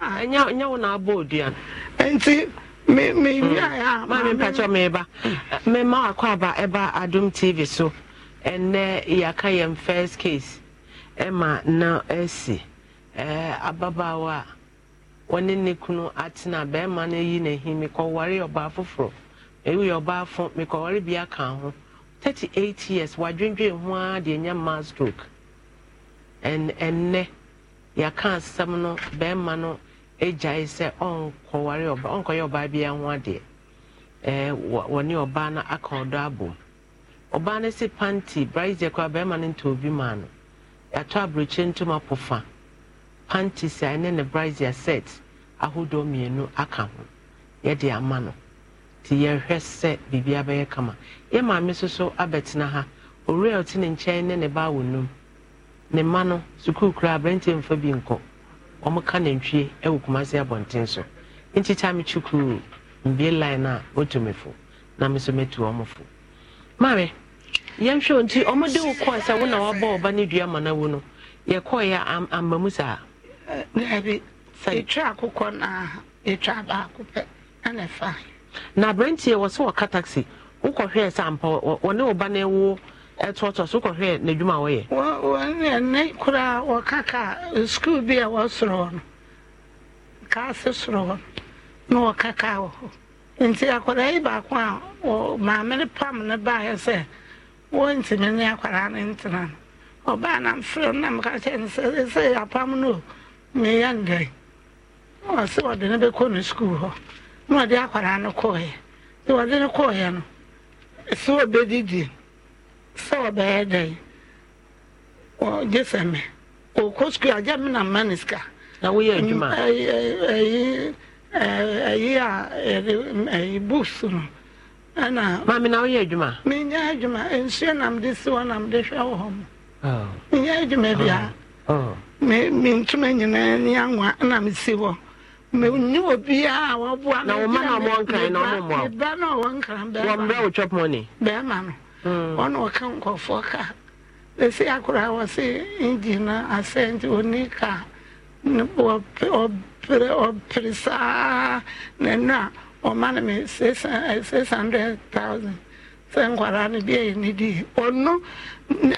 Ah, nyɛ wo na abɔ odua nti mepɛkyɛ meba hmm. mema wakɔ aba ɛba e adom tv so ɛnɛ yɛaka yɛn first case ɛma e na asi e, ababaawa a wɔne ne kunu atena bɛrima no yi n'ahi mekɔware ɔbaa foforɔ ɛwiyɛ ɔbaafo mekɔware bi aka ho 38 years wadwendwen ho ara deɛ ɛnyɛ ma stroke ɛnɛ yɛaka asɛm no bɛrima no agyae sɛ ɔnkɔware ɔba ɔnkɔyɛ ɔbaa biara ho adeɛ ɛɛ wɔne ɔbaa no aka ɔdɔ abom ɔbaa no si panti braise kora bɛrima no ntɛ obi maa no yɛatɔ aburokyire ntoma pofa panti sa ne ne braise set ahodoɔ mmienu aka ho yɛde ama no nti yɛhwɛ sɛ biribi abɛyɛ kama yɛ maame nso so abɛtena ha owurɛ a ɔte ne nkyɛn ne ne ba wɔ num ne mma no sukuu kura aberanteɛ mfa bi nkɔ ɔmoka nantwie wɔ kumase abɔnten so nkyita me kyukuu mbie line a otu me fo na me nso metu ɔmo fo maame yɛnhwɛ o nti ɔmo de wo kɔɔ sɛ wo na wabɔ ɔba ne dua ma na wo no yɛkɔɔyɛ amma mu saa daabi ɛtwa akokɔ na ɛtwa baako pɛ ana fa na aberanteɛ wɔ sɛ wɔka taxi wokɔhwɛɛ sɛ ampa wɔne wo ba na ɛwoɔ ɛtoɔtoa so kɔhwɛ n'adwuma a wɔyɛ wɔne koraa wɔkaka skul bi a wɔsoro hɔ no kaase soro hɔ no na wɔkaka wɔ hɔ nti akwadaa yi baako a maame no pam ne baeɛ sɛ wɔntumi ne akwadaa no ntena no ɔbaa na mfrɛ no na meka kyɛ no sɛ sɛ apam no meyɛ ndɛn ɔse ɔde no bɛkɔ no skul hɔ na ɔde akwadaa no kɔɔeɛ nti ɔde no kɔɔeɛ no sɛ ɔbɛdidi no sɛ ɔbɛyɛ dɛn ɔgye sɛ me ɔkɔ sukuu agya me na mma ne sika na woyɛ adwuma ɛyi ɛyi a ɛyi ɛyi books no ɛna maame na woyɛ adwuma menya adwuma nsuo nam de si hɔ nam de hwɛ wɔ hɔ mo menya adwuma bia me me ntoma nyinaa ni anwa na me si hɔ mewuni obiara a wɔboa na wɔn mma na wɔn nkran na wɔn mmoa me ba na wɔn nkran bɛrima wɔn mmerɛ wɔ chop money bɛrima no. ɔna ɔka nkɔfoɔ ka ɛsi akora wɔ se engine asɛnti oni ka ɔpere saa na a ɔma no me six sɛ nkwadaa no bi ɛyɛ ne die ɔno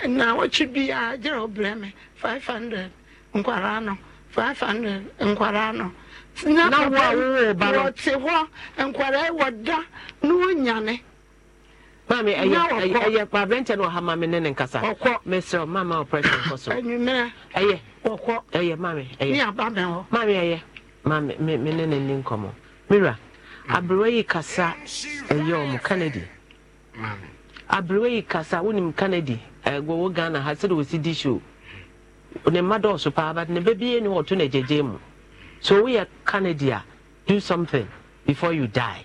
na wɔtwe gyerɛ ɔbrɛ me 500 nkwara no five hundred um no um na wɔte hɔ nkwara wɔ da na wɔnyane maame ɛyɛ ɛyɛ kɔ abirante na ɔha maame ne ne nkasa ɔkɔ mesrɛ maame ɔpɛrɛsɛ nkɔ so ɛnumɛ ɛyɛ ɔkɔ ɛyɛ maame ɛyɛ ne aba bɛn hɔ maame ɛyɛ maame me me ne ne mira aberewa yi kasa ɛyɛ ɔmo kanadi aberewa yi kasa wonim kanadi ɛgbɔwɔ ghana ha sɛde wosi di show ne mma dɔɔso paa but ne bɛbi yɛ ni wɔto na gyegye mu so woyɛ kanadi a do something before you die.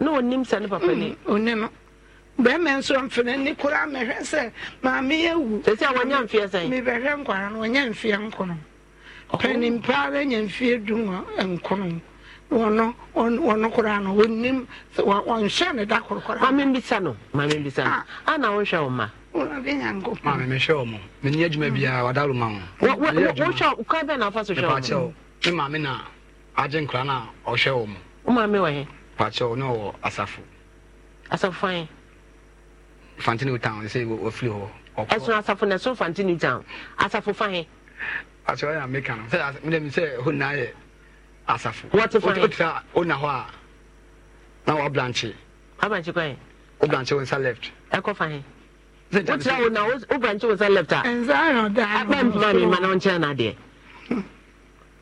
na onim sɛ ne papa ni. Mm, onim bɛrima nso mfiri ne kura mɛhwɛ sɛ maame yɛ wu. sɛ sɛ wɔnyɛ sɛn. mibɛhwɛ nkwara no wɔnyɛ nkono bɛ nyɛ nkono no ne da korokora. maame no maame no ah. wɔn ma. maame mehwɛ wɔn mo menni adwuma biara wadalo ma wɔn. wɔn wɔn kwan bɛn na afa so hwɛ wɔn. mepa kyɛw me maame na agye nkura na ɔhwɛ wɔn. maame wɔ he. pakyɛw na ɔwɔ asafo asafo anyi fantini town sɛ wɔfiri hɔ ɛso asafo na ɛso fantini town asafo fahe pakyɛw yɛ ameka no sɛ medam sɛ hɔ nyinaa yɛ asafo wɔte fahe wotira ɔna hɔ a na wɔablankye ablankye kɔɛ woblankye wo nsa left ɛkɔ fahe wotira wo na woblankye wo nsa left a ah? ɛnsa yɛ ɔdaa abɛmpema me ma na wonkyerɛ no adeɛ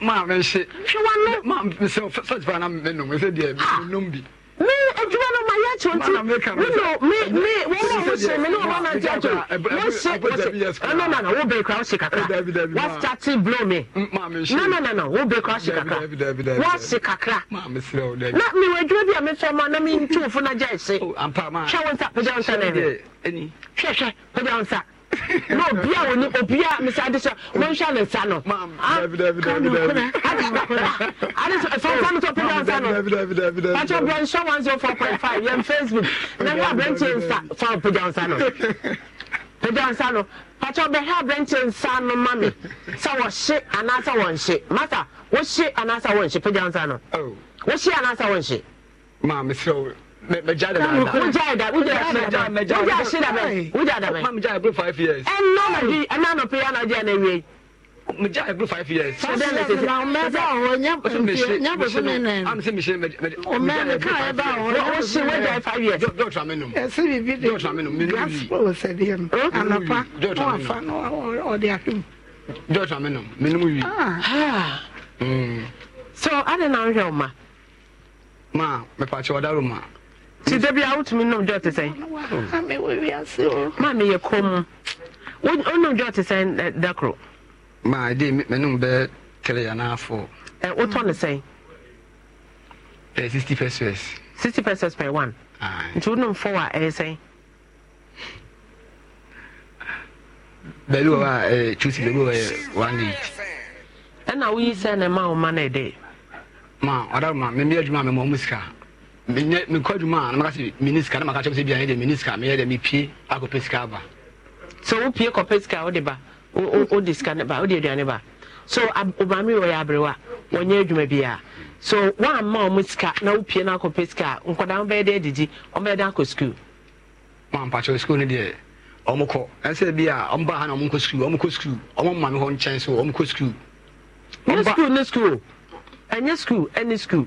maame nhye fɛt paa na menom sɛ deɛ menom bi me adwuma no mayɛ kyerɛ ntiwowose me ne ɔbɔnante akyɛnanana wobɛ kora wohye kakra wastate blow me nananana wobɛ kora hye kakra wohye kakra na mewɔ adwuma bi a mefɛ ma na mentwofo no gya ɛhye hwɛ wo nsa pagya wo nsa nɛhwɛ hwɛ pagya wo nsa na obi a wɔn obi a mesi adi sɛ wɔn nhyɛ ne nsa no adi sɛ sɔnsa no sɔ pe wɔn nsa no pàtó bro nhyɛ one zero four point five yɛn facebook na yɛ abirante nsa fa pe wɔn nsa no pe wɔn nsa no pàtó bɛ hɛ abirante nsa no ma mi sɛ wɔhyɛ anaasɛ wɔnhyɛ masa wɔhyɛ anaasɛ wɔnhyɛ pe wɔn nsa no wɔhyɛ anaasɛ wɔnhyɛ. maa mesrɛ wo mɛgya de dada wogya da wogya de dada wogya ahye da bɛn wogya da bɛn mami gya every five years ɛnna na di ɛnna na pe ana gya na ewie mi gya every five years sɛ dɛ na sɛ na ɔmɛ bɛ ɔwɔ nya pɛfɛ nya pɛfɛ mi nɛ am sɛ mi hyɛ mɛ mɛ ɔmɛ mi kaa yɛ bɛ ɔwɔ nya pɛfɛ mi nɛ wogya five years dɔw tura mi num ɛsɛ bibi de dɔw tura mi num mi num yi gaspo sɛ deɛ mu anapa ɔfa ɔdi atum dɔw tura mi num mi num yi so adi na nhwɛ ɔma ma mɛ pàtɛ ɔdaroma ti dabi a wotumi nom dɔ te sɛn. maame yɛ kɔn mu wonom dɔ te sɛn dakoro. maa de mɛnum bɛ kɛlɛ yan n'afɔ. ɛ o tɔ ne sɛn. ɛ sixty pesos. sixty pesos per one. nti wonom fɔ wa ɛyɛ sɛn. bɛɛbi wɔ hɔ a ɛɛ tuuti bɛɛbi wɔ yɛ one eight. ɛna woyi sɛn na ma o ma na yɛ dɛ. ma ɔdɔ ma mɛ mi yɛ juma mɛ mɔ mu sika. menyɛ mekɔ adwuma a namaka sɛ na maka sɛ bia ɛdɛ meni meyɛ dɛ mepie akɔpɛ sika aba so wopie kɔpɛ sika wode ba wode sika ne ba wode aduane ba so obame wɔyɛ wɔnyɛ adwuma so woamma sika na wopie no akɔpɛ sika a nkɔdaa wobɛyɛ dɛ adidi ɔmbɛyɛ dɛ akɔ mampakyɛ no deɛ ɛsɛ bi a ha na me hɔ nkyɛn so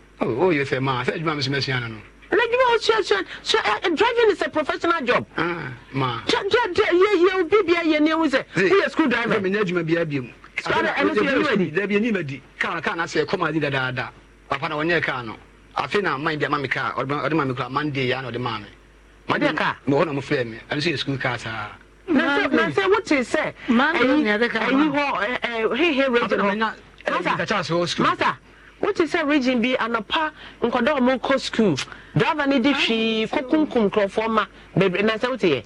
o yɛ fɛ ma sɛ adwuma mi sɛ mɛsua no no. lẹ́jọ́ o ṣe ṣe ṣe driving is a professional job. Ah, ma. jẹ jẹ jẹ yẹ yẹ o bíbi ẹ yẹ ní ewu sẹ o school driver. mi ní adwuma bi ẹ bi mu. sọ́dọ̀ ẹni tí yẹ ní ìwé di. dẹbi ẹni ìwé di kaa kaa náà sẹ kọ́ máa di dáadáa papa náà wọ́n yẹ kaa náà afei na mayi bi ama mi kaa ọdún maami kura monday yá na ọdún maami. ọdún kaa. mọ ọ na mo fẹ mi ẹni sẹ yẹ school kaa saa na sɛ wote sɛ ɛyi hɔ hehe radio hɔ masa wote sɛ region bi anapa nkɔda ɔmo kɔ school driver ne de hwii kɔkunkum nkurɔfoɔ ma bebree na sɛ wote yɛ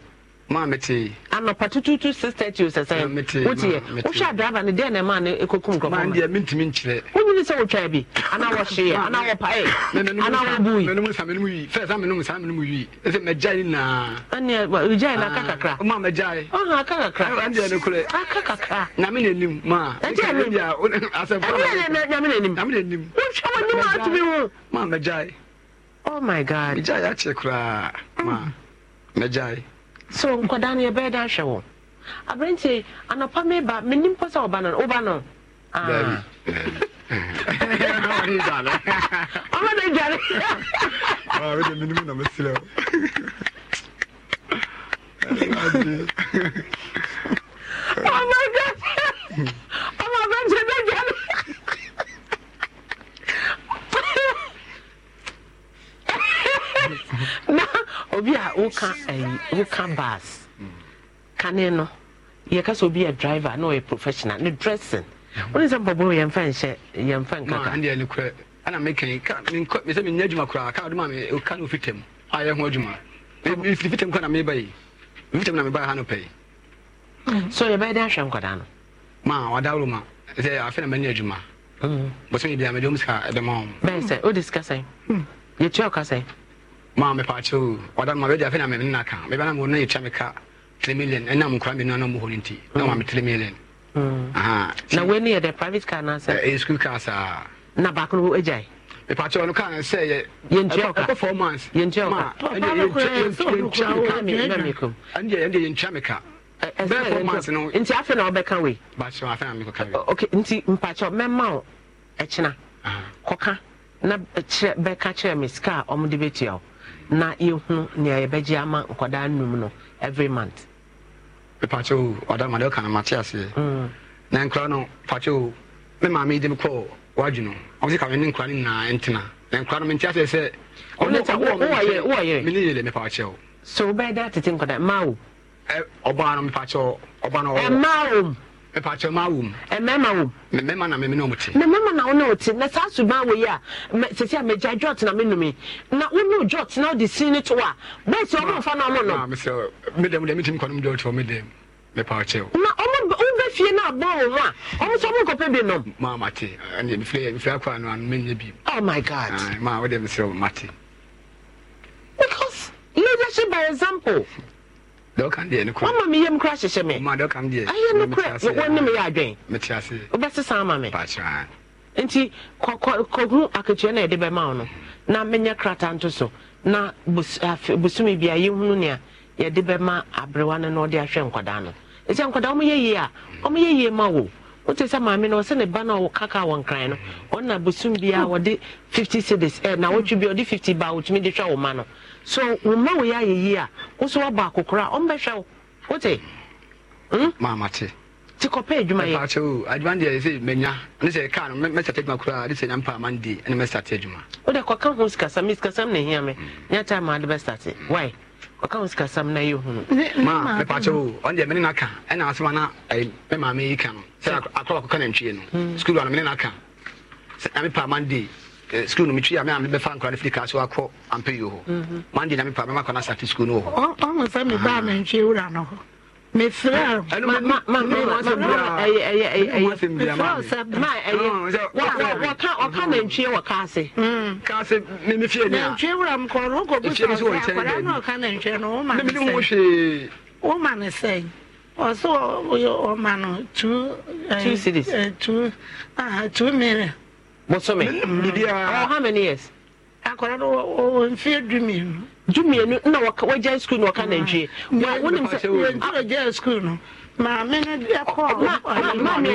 maa mi ti. anɔpa tututu six thirty o sɛsɛ o ti yɛ o ṣe adraba ni den na maa ni ekokum nkɔfɔ ma. maa n diɛ mi ntumi nkyerɛ. o nyini sɛ o twɛ bi ana wɔ se yɛ ana wɔ pa yɛ ana wɔ bu yi. mɛnumu san mɛnumu yi fɛn san mɛnumu san mɛnumu yi ɛsɛ mɛ jaa yi naa. ɛni ɛ jaa yi na aka kakra. o maa mɛ jaa yi. ɔn aka kakra. ɛn diɛ ne kulɛ. aka kakra. nyami na enim maa. ɛn diɛ ne nim. nyami na enim. o ṣe wɔ nimu oh my god. mɛ jaa yi akyɛ koraa so nkwadaa no yɛbɛyɛ da ahwɛ wɔn aberanteɛ anapa meba menim mpo sɛ ɔba no no woba no ɔma na dware wede ah, menim na na obi a woka ayi eh, woka bus kane no yɛka sɛ obi yɛ driver na ɔyɛ professional ne dressing wone sɛ mpɔbɔ yɛmfa nhyɛ yɛmfa nkaka ana mekan mesɛ menya adwuma koraa ka wode ma me ka no ofitam a yɛ ho adwuma fitam kɔ na meba yi fitam na meba ha no pɛi so yɛbɛyɛ de ahwɛ nkɔdaa no ma wadaworo ma sɛ afei na manya adwuma mm. bɔsɛ mebia mede wom sika ɛbɛma wo bɛɛ sɛ wode sika sɛn hmm. yɛtua wo ka sɛn maa mi paakyɛ o ɔda ma bɛ di afɛ na mɛ nina kan mɛ bɛ na mo ne mi ka three million ɛnna nkura mi nana mo hɔ ti na ma mi three million. Mm. na wo ni yɛ dɛ private car na sɛ. ɛɛ school car saa. na baako no wo agya yi. mɛ paakyɛ ɔno kaa sɛ yɛ. yɛn ɔka ɛkɔ four months. yɛn tia ɔka ɛn de yɛn tia mi ka. bɛɛ four months no. nti afɛ na ɔbɛka wei. baakyɛ afɛ na mi kɔ ka wei. ok nti mpaakyɛ mɛma o ɛkyina kɔka na kyerɛ bɛka kyerɛ mi sika a ɔmo de bɛtua o na yɛhu nea yɛbɛgye ama nkɔdaa nnum no every month mepakyɛo ɔdamade ɔka no mate aseɛ mm. na nkora no pakyɛo me maame de me kɔɔ wadweno ɔmsɛ ka mene nkora no nyinaa ntena na nkora no mente aseɛ sɛ ɔnmene yele mepakyɛo so wobɛyɛ dɛ atete nkɔda ma wo ɔbaa no mepakyɛo ɔba no ɛma wom ɛpàkyɛ maa wò mu. ɛmɛɛma eh, wò mu. mɛmɛɛma na mɛmɛ na ɔmo te. mɛmɛɛma na ɔmo na ɔte na saa suban wɔ yi a sisi a mɛgya jɔt na mɛnumi na wɔn n'o jɔt na ɔde sin ne to a bɛɛ si ɔmo nfa na ɔmo nɔ. maa mi sɛ mi dɛm dɛm mi ti mi kɔnum jɔt ɔmo dɛm mɛ pàkyɛ o. na ɔmo ɔmo bɛ fie na abɔ ɔmo a ɔmo sɛ ɔmo nkɔpɛ bi nɔ. maa ma te ɛni mi filɛ mi filɛ akɔ anu anu mɛ nye bi. oh my god. maa o de mi sɛ dɔkam deɛ mama kora hyehyɛ me ma ɛyɛ adwen me nti kɔhu akatua na yɛde bɛma wo no na menyɛ krata so na bosome bia yɛhunu nea yɛde bɛma aberewa no na ɔde ahwɛ nkwadaa no ɛsɛ nkwadaa yie a yie ma wo wote sɛ maame no ɔsɛ ne ba no a nkran no ɔna bosom bia hmm. wɔde 50 eh, na bia ɔde 50 ba so woma wo yɛ ayɛyi a wo so woabɔ akokora a ɔmbɛhwɛ wo wote maamate hmm? ti kɔpɛ adwumayɛpaakyɛ o adwuma deɛ sɛ manya ne sɛ ka no mɛsate adwuma koraa ne sɛ nyampa mande ne mɛsate adwuma wode kɔka ho sikasam sikasam na ɛhia me hmm. nyata ma wode bɛstate hmm. wy ɔka ho sikasam na yɛ hunu ma mɛpaakyɛ o ɔne deɛ mene no aka ɛna asɛm ana mɛmaame yi ka no sɛ akɔla kɔka nantwie no skul a no mene no aka na mepaa mande school no metwi a me a mebɛfa nkora no firi kaa so akɔ ampɛyi hɔ mande na mepa mɛma kɔno asate school no hɔ ɔmo sɛ mebaa mentwe wura no hɔ mefrɛ wura na ne no bosome ɔwɔ oh, how many years akɔda no ɔwɔ mfeɛ dumienu dumienu na wagya school na ɔka nantwie wonim sɛ gya school no maame no deɛ kɔɔ maame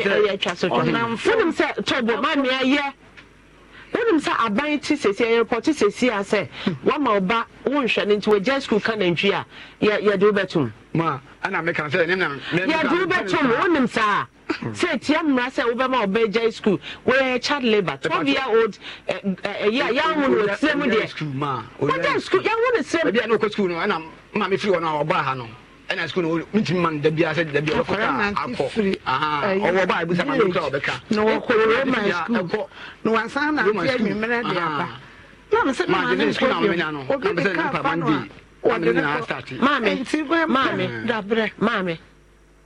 ɛyɛ atwa so twa wonim sɛ tɔbo maame ayɛ wonim sɛ aban ti sesi ɛyɛpɔte sesi a sɛ wama ɔba wonhwɛ no nti wagya school ka nantwie a yɛde wobɛtom yɛde wobɛtom wonim saa sɛ tia mmara sɛ wobɛma ɔbɛgya school woyɛ child labour twelve year old eh, eh, eh, ɛyɛ a yɛawo no ɔsirɛ mu deɛ wogya school yɛawo no sirɛ mu ɛnokɔ school no ɛna ma mefiri hɔ no ɔbaa ha no ɛna school no mentumi ma no da biara sɛ da biara ɔkɔta akɔ ɔwɔ ba ɛbusa ma mekura ɔbɛka na wɔkɔ roma school na wansan na adeɛ anwummerɛ de aba na mesɛ mama no nkɔ bio obi bɛka ba no a wɔde ne kɔ maame maame dabrɛ maame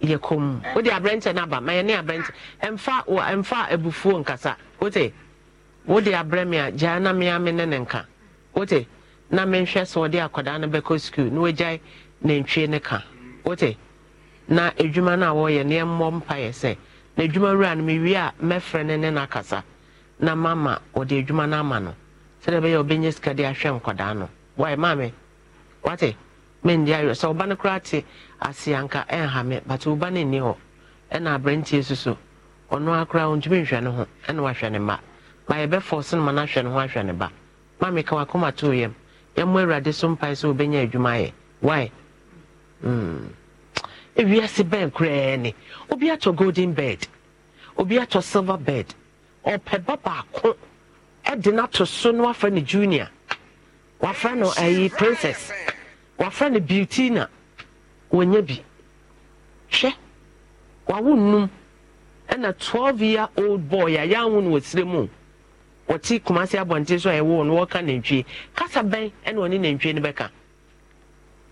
yɛ kɔn mu wode aberɛnkyɛ no aba mayɛ ne aberɛnkyɛ ɛmfa ɛmfa abufuo nkasa wote wode aberɛ me a gyaa na mea me ne ne nka wote na menhwɛ sɛ wɔde akwadaa no bɛkɔ sukuu na wagyae nantwie ne ka wote na adwuma no a wɔyɛ ne ɛmmɔ mpayɛ sɛ na adwuma wura no mewie a mɛfrɛ ne ne no akasa na mama wɔde adwuma no ama no sɛdeɛ ɛbɛyɛ ɔbɛnya sika de ahwɛ nkwadaa no wae maame wate mendi ayɛ sɛ ɔba no koraa te ase anka ɛnhame but wo ba no nni hɔ ɛna aberantie so so ɔno akora ɔntumi nhwɛ ne ho ɛna wahwɛ ne mma ba yɛbɛfɔ so noma no ahwɛ ne ho ahwɛ ne ba ma meka wakoma too yam yɛmmɔ awurade so mpae sɛ wobɛnya adwuma yɛ wae hmm. ewiase bɛn koraa ne obi atɔ golden bird obi atɔ silver bird ɔpɛ ba baako ɛde no ato so na wafrɛ no junior wafrɛ no ayi eh, princess wafrɛ no beautina wɔnya bi hwɛ wawo num. ɛna twelve year old boy a yɛawo no wɔsire mu wɔte kumase abɔnten so a ɛwɔ no wɔka nantwie kasa bɛn ɛna ɔne nantwie no bɛka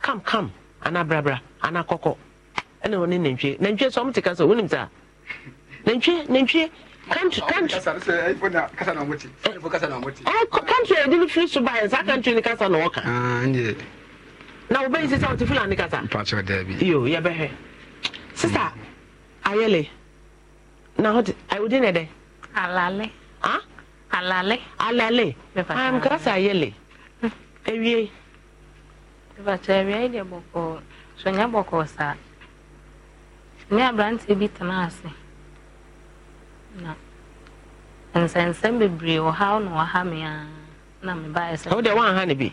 kam kam ana brabra ana kɔkɔ ɛna ɔne nantwie nantwie so ɔmte kasa wonim saa nantwie nantwie country country country a yɛde no firi so baɛ saa country no kasa na wɔka na wobɛyi sɛ sɛ wote fulani kasa yo yɛbɛhwɛ sisa mm. ayɛle na hot wode ne dɛ alale huh? alale alale am kasa ayɛle ewie bàtà ẹ̀rí ayé deɛ bɔkɔɔ sɔnyɛ bɔkɔɔ saa ne aberanteɛ bi tena ase na nsɛnsɛm bebree wɔ ha na wɔ ha mea na mebaeɛ sɛ woanha ne bi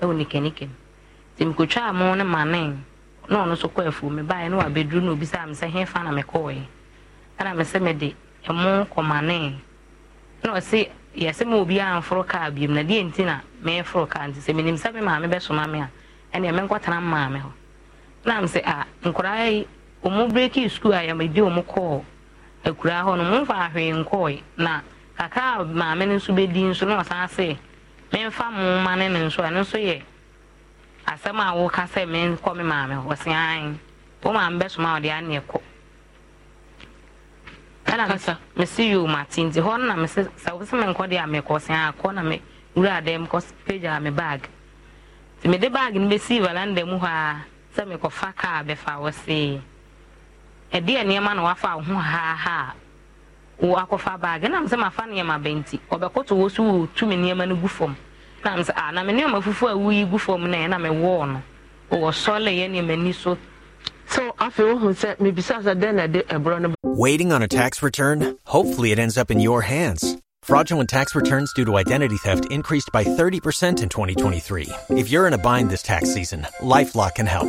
ɛwɔ nikenike nti mekotwaa mo ne ma mane na ɔno nso kɔ afuo mebaeɛ na wabɛduru na obi sa obisaa me sɛ hefa na mekɔɔɛ ɛna me sɛ mede ɛmo kɔ mane na ɔse yɛsɛ obi a mforɔ kaa biom na deɛ nti na meɛforɔ kaa nti sɛ menim sɛ me maame bɛsoma me a ɛneɛ menkɔtena maame hɔ na me sɛ a nkɔraa yi ɔmo breki skul a edi ɔmo kɔɔ akuraa hɔ no momfa ahwee nkɔɔe na kakra a maame no nso bɛdi nso na ɔsan sɛ memfa mo ma ne ne nso ɛno nso yɛ asɛm a woka sɛ menkɔ me maame wɔse an wo maame bɛsoma wɔde aneɛ kɔ ɛna mese yo mate nti hɔ no na mese sɛ wo sɛ menkɔ deɛ a mekɔ se a kɔ na me wura dɛm kɔ pagya me baag nti mede baag no bɛsii valanda mu hɔ a sɛ mekɔfa kaa bɛfa wɔ see ɛdeɛ nneɛma na wafa wo ho haahaa akɔfa baage sɛ mafa nneɛma wɔ so nneɛma no gu fam sɛ ah, na me nneɛma fufuo a gu fam na ɛna no sɔle yɛ nneɛma ni so. so afei wohu sɛ mebisa sɛ dɛn na ɛde ɛborɔ no. waiting on a tax return hopefully it ends up in your hands. Fraudulent tax returns due to identity theft increased by 30% in 2023. If you're in a bind this tax season, LifeLock can help.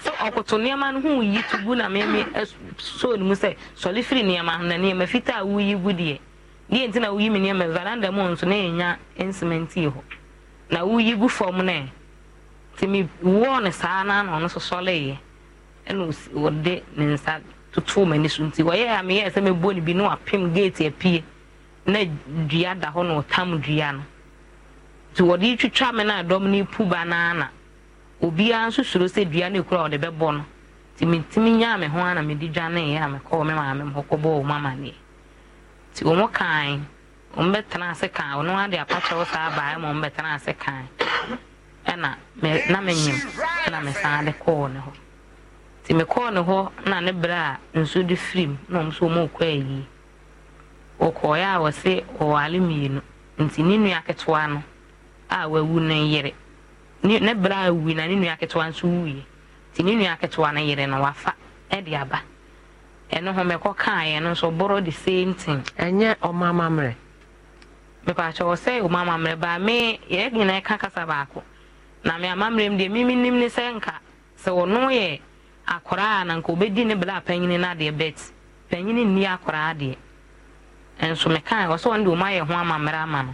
ɔkoto nneɛma no ho yi to gu na mɛmɛ soo ne mu sɛ sɔle firi nneɛma ho na nneɛma fitaa a woyi gu deɛ deɛ nti na woyi mi nneɛma veranda mu nso na ɛnya nsimanti hɔ na woyi gu fam no nti mi wɔɔ ne saa na na ɔno so sɔle yɛ ɛna ɔde ne nsa totoo m'ani so nti wɔyɛ a meyɛ sɛ mɛbɔ ne bi na wapem gate apie na dua da hɔ na ɔtam dua no nti wɔde twitwa me na dɔm no epu ba naana. obiara nso soro sɛ dua no ekura a ɔde bɛbɔ no nti mintimi nyaa me ho a na mede dwaneeɛ a mekɔɔ me maame m hɔ kɔbɔɔ ɔm amanneɛ nti ɔmo kan ɔmo bɛtena ase kan ɔno ade apakyɛw saa baeɛ ma ɔmo bɛtena ase kan ɛna me na menyim ɛna mesan de kɔɔ ne hɔ nti mekɔɔ ne hɔ na ne berɛ a nsuo de firi mu na ɔmo nso ɔmo kɔ ayie ɔkɔɔeɛ a wɔse ɔwale mmienu nti ne nua ketewa no a wawu ne yere ne bra wi na ne nua ketewa nso wi ti ne nua ketewa no yere e no wafa de aba ɛno ho mɛkɔ kaeɛ no nso boro the same thing ɛnyɛ e ɔma mammerɛ mepaakyɛ wɔ sɛ ɔma mammerɛ baa me yɛ nyinaa ɛka kasa baako na me amammerɛ mu deɛ mimi nim ne sɛ nka sɛ ɔno yɛ akɔraa na nka obɛdi ne bra panyini no adeɛ bet panyini nni akɔraa deɛ ɛnso e mekae wɔ sɛ ɔno deɛ ɔma yɛ ho amammerɛ ama no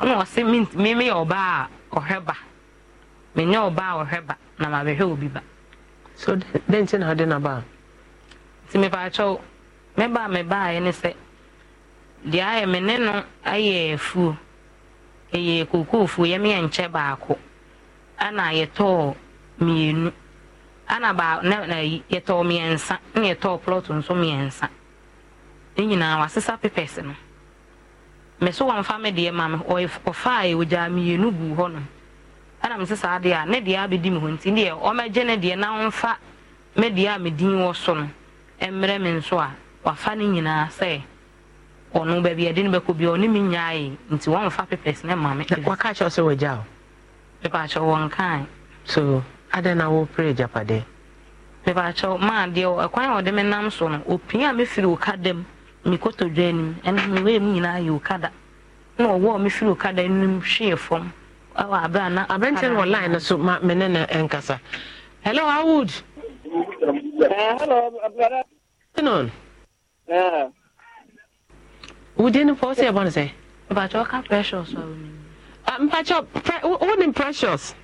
ɔna ɔsɛ mmemme yɛ ɔbaa a ɔhwɛ ba menyɛ ɔbaa a ɔhwɛ ba na mabɛhwɛ obi ba. so dɛ nti na ade na ba. nti mepa akyɛw mɛba a mɛba ayɛ ne sɛ deɛ ayɛ me ne no ayɛ afuo ɛyɛ kookoo fuo yɛ meyɛ nkyɛ baako ɛna yɛtɔɔ mmienu ɛna baa na na yɛtɔɔ mmiɛnsa ɛna yɛtɔɔ plɔt nso mmiɛnsa ne nyinaa wasesa pepɛs no. me ụwa wɔmfa me deɛ ma me ɔfaa ogya mmienu gu hɔ nom ɛna mese saa deɛ a ne deɛ abɛdi me hɔ nti deɛ ɔmɛgye ne deɛ na ɔmfa me deɛ a medin wɔ so no mmerɛ me nso a wafa ne nyinaa sɛ ɔno baabi no bɛkɔ bia ɔne me nti wɔmfa ne ma me waka kyɛw sɛ wɔgya o so adɛn na maa deɛ ɛkwan a ɔde me nam so no me koto dwa anim ɛno me wei mu nyinaa yɛ okada na ɔwɔ me firi okada anim hwee fam ɛwɔ oh, na aberanteɛ no wɔ line no so ma me ne ɛnkasa hello awood uh, hello wodin no fa wo sɛ yɛbɔ no sɛ mpakyɛ ɔka pressures a wonim mpakyɛ wonim pressures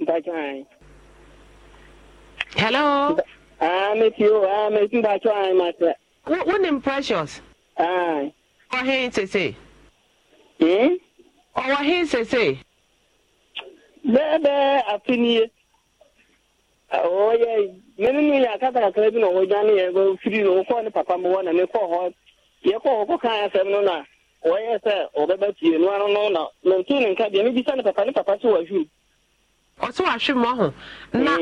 mpakyɛ hello ah, me pio ah, wonim precious ɔhe sese ɔwɔ he sese bɛɛbɛɛ afenie ɔyɛ mene no yɛ akatakakra bi na ɔwɔ gya ya yɛ firi no wokɔɔ ne papa na mekɔɔ hɔ yɛkɔɔ hɔ kɔkaa asɛm no na ɔyɛ sɛ ɔbɛba tie no no na mentoo ne nka mebisa ne papa tụwa papa oh, na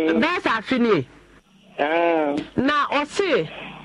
eh. ah. na oh,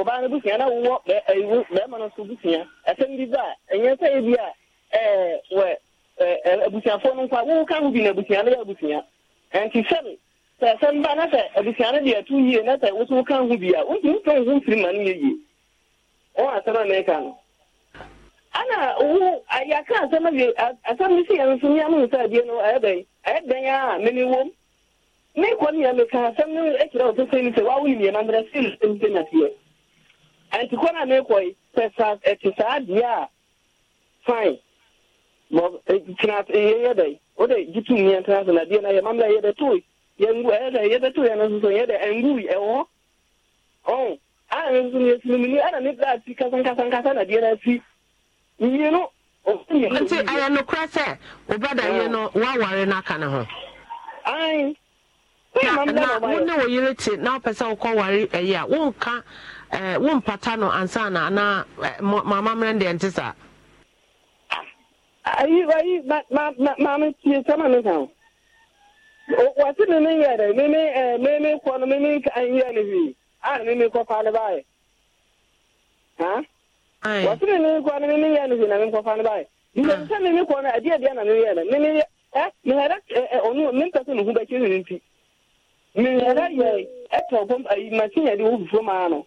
ọbaa no busua na wowɔ eh, ɛyiwu bɛrima no nso busua ɛsɛm bi ba ɛnyɛ sɛ ebi a ɛɛ wɛ ɛɛ abusuafoɔ no nko a wowo ka ho bi na abusua no yɛ abusua ɛnti sɛbi sɛ ɛsɛm ba na sɛ abusua no deɛ yie na sɛ ka ho bi a wontumi tɔn ho mfiri ma no yɛ yie wɔn asɛm a no ana wo yɛaka asɛm awie asɛm bi si yɛn nso nyɛ mo nsa adie no ɛyɛ bɛn ɛyɛ a mene ne ne asɛm no nti kɔ na ekwo yi pɛ sa saa adeɛ a fine mɔ tena yɛyɛ dɛ wo de na adeɛ na yɛ mamla yɛ bɛ to ngu ɛyɛ dɛ yɛ bɛ to yɛ na soso yɛ dɛ ɛngu ɛwɔ ɔn ana ne soso yɛ ni ne asi na adeɛ na asi yie nti ɛyɛ nokora sɛ wo brada no woaware no aka ho na wo ne wo yere te na wopɛ sɛ wokɔware ɛyɛ a wonka Eh, wompata no ansa na na eh, mama mmerɛ deɛ nte saa ah, ayi ayi maame tie sama mi kan wɔsi mi mi yɛ dɛ mi mi ɛ eh, mi mi kɔ no mi mi kan yɛ ni bi a mi mi kɔ fa ne ba yɛ han wɔsi mi mi kɔ no mi mi yɛ ni bi na mi kɔ fa ne ba yɛ nka sisan mi mi kɔ no ɛdi ɛdi na mi yɛ dɛ mi mi yɛ ɛ mi yɛrɛ ɛ ɛ ɔnu mi pɛ nuhu bɛ kiri ni ti mi yɛrɛ yɛ ɛtɔ ko ayi masi yɛ de o fufu maa no.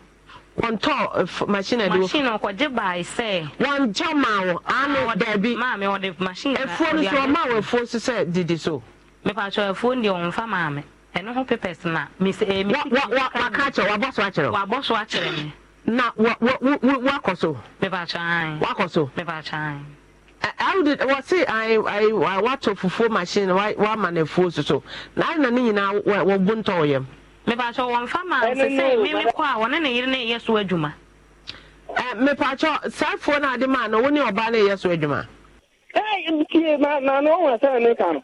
wɔntɔ eh, machine de machine nkɔgye baayi sɛ. wɔnkyɛ maa wɔn ano dɛbi maame wɔde machine da efuo nso ɔmaa wɔ efuo nso sɛ didi so. mipatɔ efuo deɛ wɔn fa maame ɛno ho papers na misi ee misi. wa wa waka kyerɛ wabɔ so akyerɛ. wabɔ so akyerɛ mi. na wa wa wa wakɔ so. mipatɔ anyi wakɔ so. mipatɔ anyi. How did was it? I I I watch a fufu machine. Why why man a fufu so na Now na ni na wa wa bunto yam. mepatwɛ wɔmfa ma sɛ sɛ meme kɔ a wɔne ne yere ne yɛ so adwuma mepatwɛ saafoɔ no ade ma no wo ne ne yɛ so adwuma ntie na na ɔwa sɛ ne ka no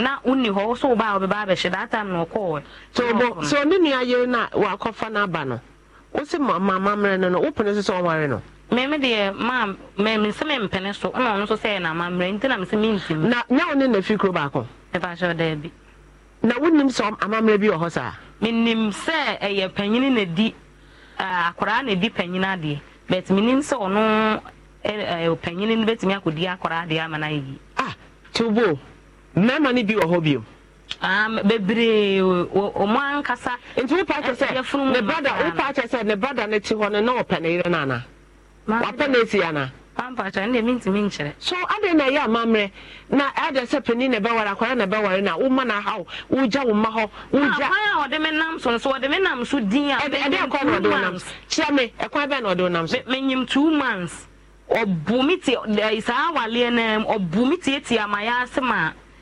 na wonni hɔ wo so wo baa abɛhyɛ that na ɔkɔɔ so bo so ne nua na wakɔfa no aba no wo mama mmerɛ no no wopene so sɛ ɔware no mɛmi deɛ maa mɛmi sɛ so ɛna ɔno nso sɛ ɛna mmerɛ nti na mɛ sɛ mi nti mu. na nyɛ wo ne na fi kuro baako. ɛfɛ ahyɛ ɔda bi. na wonim sɛ amammerɛ bi wɔ hɔ saa. menim sɛ ɛyɛ panyin na di akwaraa na di panyin adeɛ but menim sɛ ɔno ɛɛ panyin no bɛtumi akɔdi akwaraa adeɛ ama na ayi. ah tubo. mmarima no bi wɔ hɔ bio ah, bebree ɔmo ankasa nti wo kyɛ sɛ ne brada wo kyɛ sɛ ne brada no te hɔ no na ɔpɛ ne yere no ana wapɛ ne asi ana so na ɛyɛ amammerɛ na sɛ pani na akwara na na woma no wogya wo hɔ kyerɛ me ɛkwan na ɔde wo nam so months ɔbu me eh, saa awaleɛ no ɔbu me tietie ase ma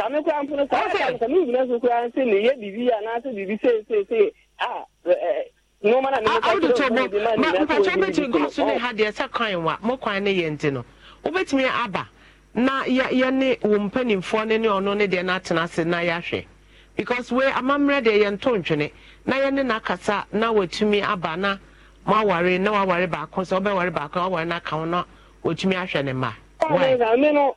kame kura mpono ka mi so ne na a ne ma so ne ha deɛ sɛ kwan wa mo kwan ne yɛ nti no aba na yɛne wo mpanimfoɔ ne ne ne na yɛahwɛ because wei amammerɛ deɛ yɛnto ntwene na yɛne no akasa na watumi aba na moaware na waware baako baako na na watumi ne no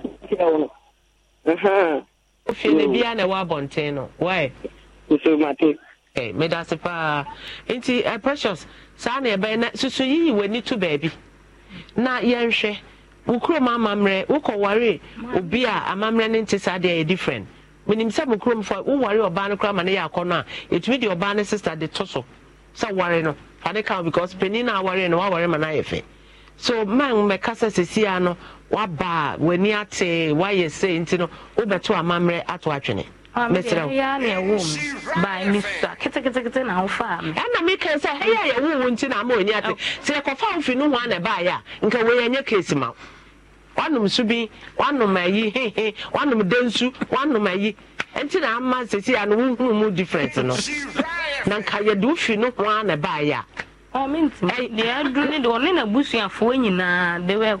kyerɛ na no medase paa nti precious saa na ɛbɛyɛ na susu yiyi w'ani to baabi na yɛnhwɛ wo amammerɛ wokɔware obi a amammerɛ no nte saa deɛ yɛ different menim sɛ mo fo woware ɔbaa no koraa ma no yɛ akɔ no a ɛtumi de ɔbaa no sister de to so sɛ ware no fa ne ka because panin no aware no ma no ayɛ fɛ so man mɛka sɛ no waba w'ani ate wayɛ se nti no wobɛto amammerɛ ato atwene ɛna meka sɛ ɛyɛ nti na ama ɔni ate sɛ yɛkɔfa no ho a na ɛbaeɛ a nka ma wanom so bi wanom ayi hehe wanom dansu wanom ayi ɛnti na ama sɛsi a no wohunu mu different no na nka yɛde wo fi no ho a na ɛbaeɛ a deɛ aduru ne deɛ ɔne nyinaa de wɛ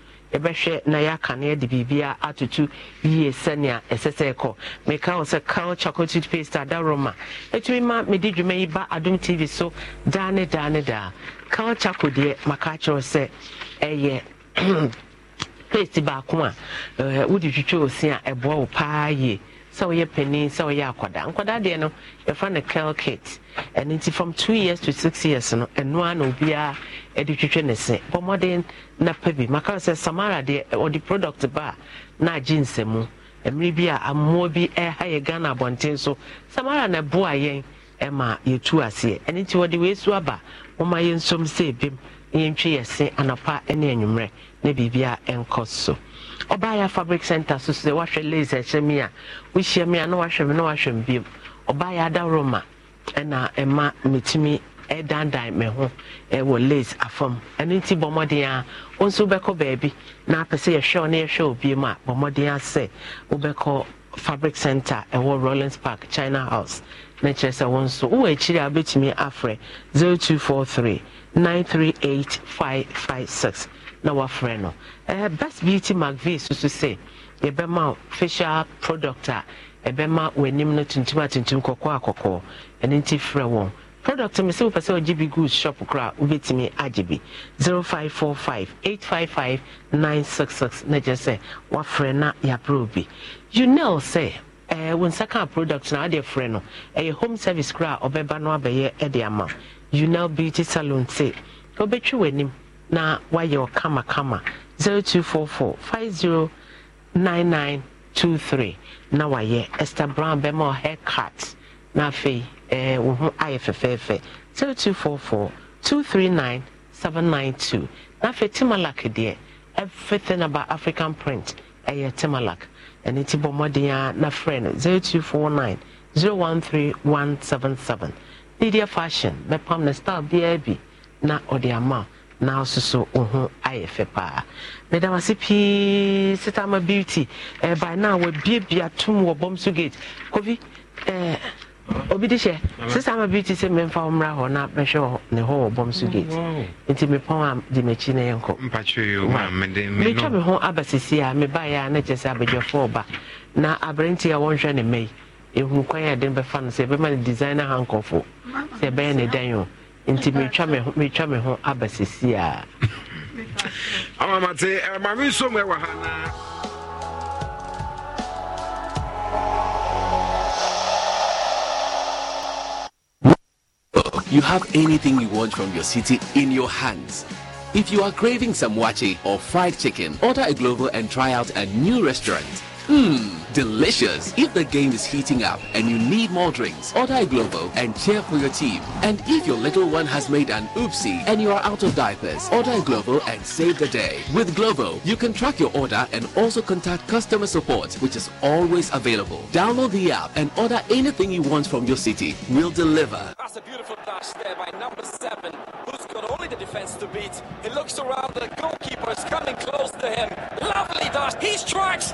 yɛbɛhwɛ na yɛaka no yɛde biribia atoto yie sɛnea ɛsɛ sɛ ɛkɔ meka wo sɛ cal chacotit paste adaroma ɛtumi ma mede dwuma yi ba adom tv so daa ne daa ne daa cal chaco deɛ maka akyerɛw sɛ ɛyɛ paste baako a wode twitwa osi a ɛboa wo paa yie sɛ woyɛ panin sɛ woyɛ akwadaa nkwadaa deɛ no yɛfa no cal ɛno nti from two years to six years no ɛnoa na obiara ɛde twitwe ne se bɔ mmɔden na pɛ bi maka sɛ samara deɛ ɔde product ba a na agye nsɛmu mmiri bi a amoa bi ɛha yɛ ghana abɔnten so samara na ɛboa yɛn ɛma yɛtu aseɛ ɛne nti wɔde wei so aba wɔma yɛn nsom sɛ ebim yɛntwe yɛ se anapa ne anwummerɛ na biribia ɛnkɔ so ɔbaayɛ fabric center so sɛ wahwɛ lace ɛhyɛ mi a wohyia mi a na wahwɛ mi na wahwɛ mi biom ɔbaayɛ adaroma ɛna ɛma metumi ɛdandan me ho ɛwɔ lace afam ɛno nti bɔ mmɔden a wo nso wobɛkɔ baabi na apɛ sɛ yɛhwɛ wo na yɛhwɛ wo bie mu a bɔ asɛ wobɛkɔ fabric center ɛwɔ rollins park china house na kyerɛ sɛ wo nso wowɔ akyiri a wobɛtumi afrɛ 0243 938556 na wafrɛ no eh, best beauty mcvie susu sɛ yɛbɛma facial product a ɛbɛma w'anim no tuntum a tuntum kɔkɔɔ a kɔkɔɔ ɛno nti frɛ wɔn 0243 product mi sɛ wopɛ sɛ ɔgye bi goods shop koraa wobɛtumi agye bi 0545855966 na gye sɛ wafrɛ na yɛabrɛ bi unel sɛ eh, wo nsa ka product na wode frɛ no ɛyɛ home service koraa ɔbɛba no abɛyɛ de ama unel beauty salon se wobɛtwe w'anim na Zero zero two four four five nine nine two three. na wayɛ esther brown bɛma ɔ haircart na afei ɛɛ wo ho ayɛ fɛfɛɛfɛ zero two four four two three nine seven nine two n'afɛ timalak deɛ everything about african print ɛyɛ timalak ɛne ti bɔ mmɔden a n'afrɛ no zero two four nine zero one three one seven seven media fashion mɛpam ne style biara bi na ɔde ama na soso wo ho ayɛ fɛ paa medam ase pii sitama beauty ɛɛ by now wabiebia tom wɔ bɔm so gate kobi ɛɛ. Eh, obi de hyɛ sisan ama bi ti sɛ mmɛmfa mmra hɔ na mɛhwɛ ne hɔ wɔ bɔm so gate nti mepɔn a di m'akyi na yɛnkɔ metwa me ho aba sisi a mebaeɛ a na kyerɛ sɛ abadwafoɔ ɔba na aberɛnti a wɔnhwɛ ne mɛi ɛhunu kwan a den bɛfa no sɛ ɛbɛma no designer hankɔfo sɛ ɛbɛyɛ ne dan o nti metwa me ho aba sisi a amamate mame nsom ɛwɔ ha naa You have anything you want from your city in your hands. If you are craving some wachi or fried chicken, order a global and try out a new restaurant. Mmm delicious. If the game is heating up and you need more drinks, order a Globo and cheer for your team. And if your little one has made an oopsie and you are out of diapers, order a Globo and save the day. With Globo, you can track your order and also contact customer support, which is always available. Download the app and order anything you want from your city. We'll deliver. That's a beautiful dash there by number seven, who's got only the defense to beat. He looks around, the goalkeeper is coming close to him. Lovely dash. He strikes.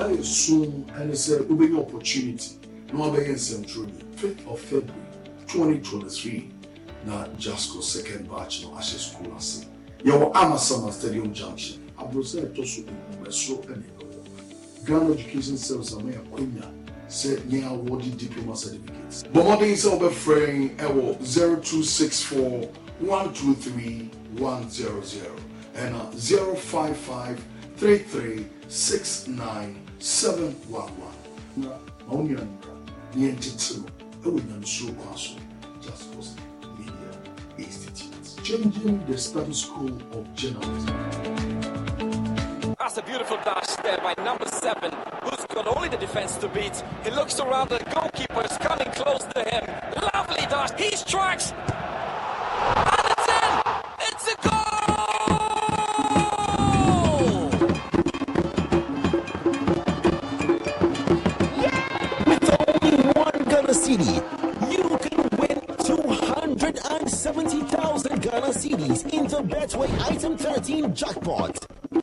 that is soon and it's a wobɛnya opportunity na wabɛyɛ in bi 5th of february 2023 na jasco second batch no ahyɛ school ase yɛwɔ amasama stadium junction aborɔsɛ ɛtɔ so ɛsoro ɛne ɛwɔ ghana education service ama yɛakwanya sɛ ne awɔde diploma certificate bɔmmɔden sɛ wobɛfrɛn ɛwɔ 0264 123 100 ɛna 055 33 69711 na ma wo nua nika ne yɛntete no ɛwɔ nyamesuo so just cause media institute changing the status quo of journalism That's a beautiful dash there by number seven, who's got only the defense to beat. He looks around, the goalkeeper is coming close to him. Lovely dash. He strikes. jackpot. You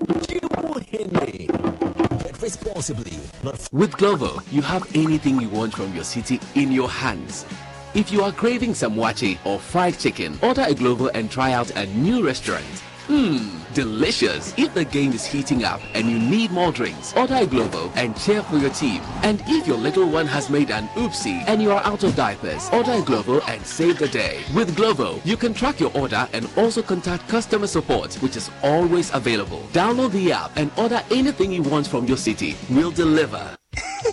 Get responsibly. With Glovo, you have anything you want from your city in your hands. If you are craving some wachi or fried chicken, order a Glovo and try out a new restaurant. Mmm delicious. If the game is heating up and you need more drinks, order a Globo and cheer for your team. And if your little one has made an oopsie and you are out of diapers, order a Globo and save the day. With Glovo, you can track your order and also contact customer support, which is always available. Download the app and order anything you want from your city. We'll deliver.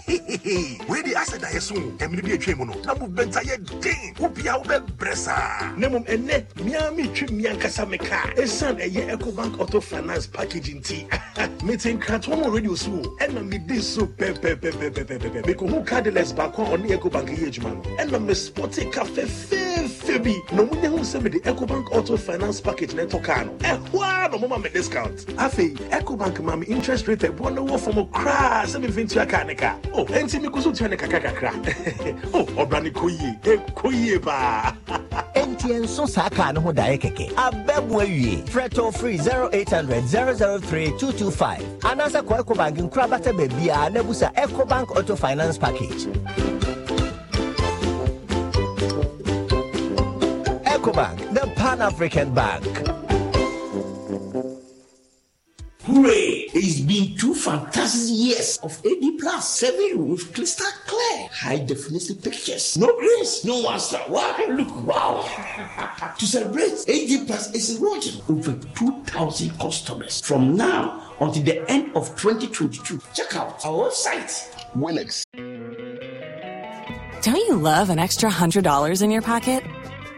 Hey, hee wei de asɛ da yɛ so ɛmene bi atwa mu no na movement ayɛ den wobia wobɛbrɛ saa na mmom ɛnɛ mea metwe mmea nkasa me kaa ɛsiane ɛyɛ ecobank auto finance package nti mete nkratoɔ mu radio so ɛna mede so pɛpɛpɛpɛpɛpɛ mekɔhu cardeles baako a ɔne ecobank yɛ adwuma no ɛna mespɔte ka fɛfɛɛfɛ bi na monya hu sɛ mede ecobank auto finance package ne ɛtɔ kaa no ɛhoa na ɔmoma me discount afei ecobank ma me interest rate ɛboɔ no wɔ fam koraa sɛ memfentua kaa ne kaa Oh, and nti mi koso tia ne kakra kakra o ɔbra ne kɔ yie ɛkɔ yie paa enti ɛnso saa kaa no ho daeɛ kɛkɛ abɛbo awie frɛ toll free 0800 003 225 anaasɛ kɔ ecobank nkorabata baabiaa na busa ecobank auto finance package ecobank the pan african bank Hooray! It's been two fantastic years of AD Plus, seven with crystal clear, high definition pictures. No grace, no monster. Wow, look, wow! to celebrate, AD Plus is launching over 2,000 customers from now until the end of 2022. Check out our website, Winx. Don't you love an extra $100 in your pocket?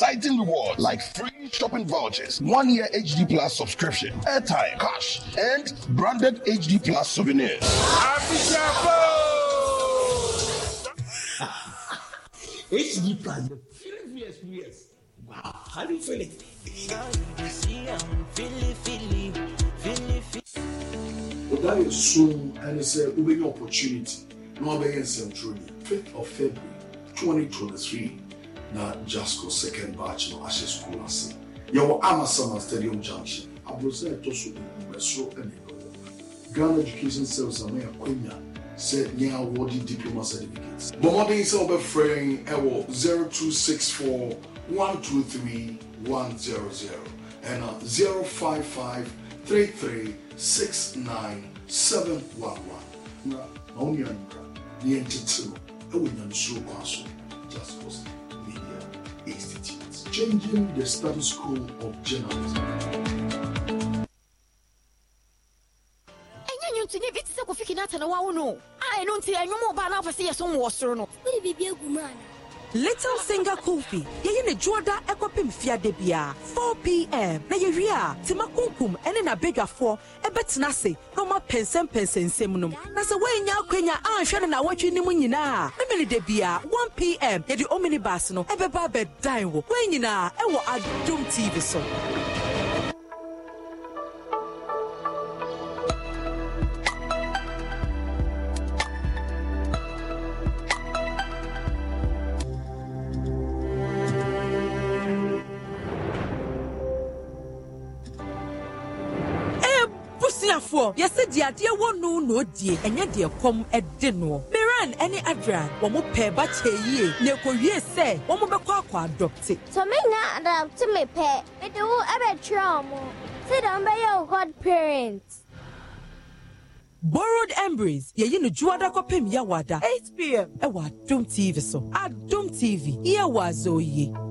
exciting rewards like free shopping vouchers, one year HD Plus subscription, airtime, cash, and branded HD Plus souvenirs. Happy HD Plus, the feeling experience. Wow, how do you feel it? that is soon and it's a wobɛnya opportunity na wabɛyɛ truly. 5th of february 2023 na Jasco second batch no Ashes School ase o Amasama Stadium Junction aborosan ɛtɔ so ewu ɛso ɛna ɛwɔ Ghana Education Service ama yɛ akonya sɛ yɛn awɔde diploma certificate bɔmmɔden sɛ wɔbɛfrɛn ɛwɔ zero two six four one two three one zero zero ɛna uh, zero five five three three six nine seven one one na na wɔn yɛn nira na yɛn tete no ɛwɔ nyamusoro kwan changing the status quo of journalism. ɛnyɛ nwonto nyɛ bi te sɛ kofi kinata na wawo no a ɛno nti ɛnwom ɔbaa no afɛ sɛ yɛ so mwɔ soro no wode biribi agu mu ana little singer kofi yɛyɛ ne dwoɔda ɛkɔpem fiade biara 4pm na yɛwie a tima kunkum na n'abadwafoɔ ɛbɛtena ase na ɔma pɛnsɛmpɛnsɛnsɛm nom na sɛ woanya akwanya anhwɛ no na no mu nyinaa memene da biara 1pm yɛde omnibus no ɛbɛba abɛdan wo wɔn nyinaa ɛwɔ adum tv so soɔ yɛsɛ deɛ adeɛ wɔ no na odie ɛnyɛ deɛ kɔm ɛde noɔ Iran ɛne Adra wɔn mo pɛɛ ba kyɛ yie na ekowie sɛ wɔn mo bɛkɔ akɔ adɔpte. Tọ́mi nya adọpte mi pɛ, mede wo ɛbɛtwerɛ ɔmo, si dɛm bɛyɛ hot parent. Borrowed Embrace yɛyi no juada kɔpem yɛ 8pm Ewa Adom TV so Adom TV yɛ wɔ azɔ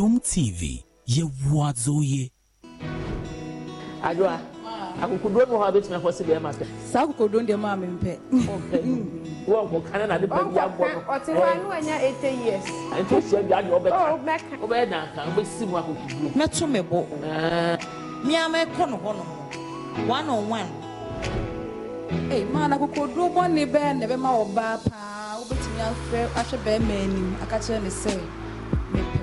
Dum TV yɛwoadzoyɛ adoa akokoduro no hɔ a bɛtumi akɔ se bɛrima pɛ saa akokoduro deɛ maa mempɛ wɔnkokane na adepa bi abɔ no ɔte hɔ ne wanya 80 years ɛnti ɔhyia bi adeɛ wobɛka wobɛyɛ nanka wobɛsi mu akokoduro mɛto me bo eh. mea mɛkɔ no hɔ no one on one Hey, man, akokoduro bɔne bɛɛ na ɛbɛma ɔbaa paa wobɛtumi ahwɛ bɛrima anim aka kyerɛ ne sɛ mepɛ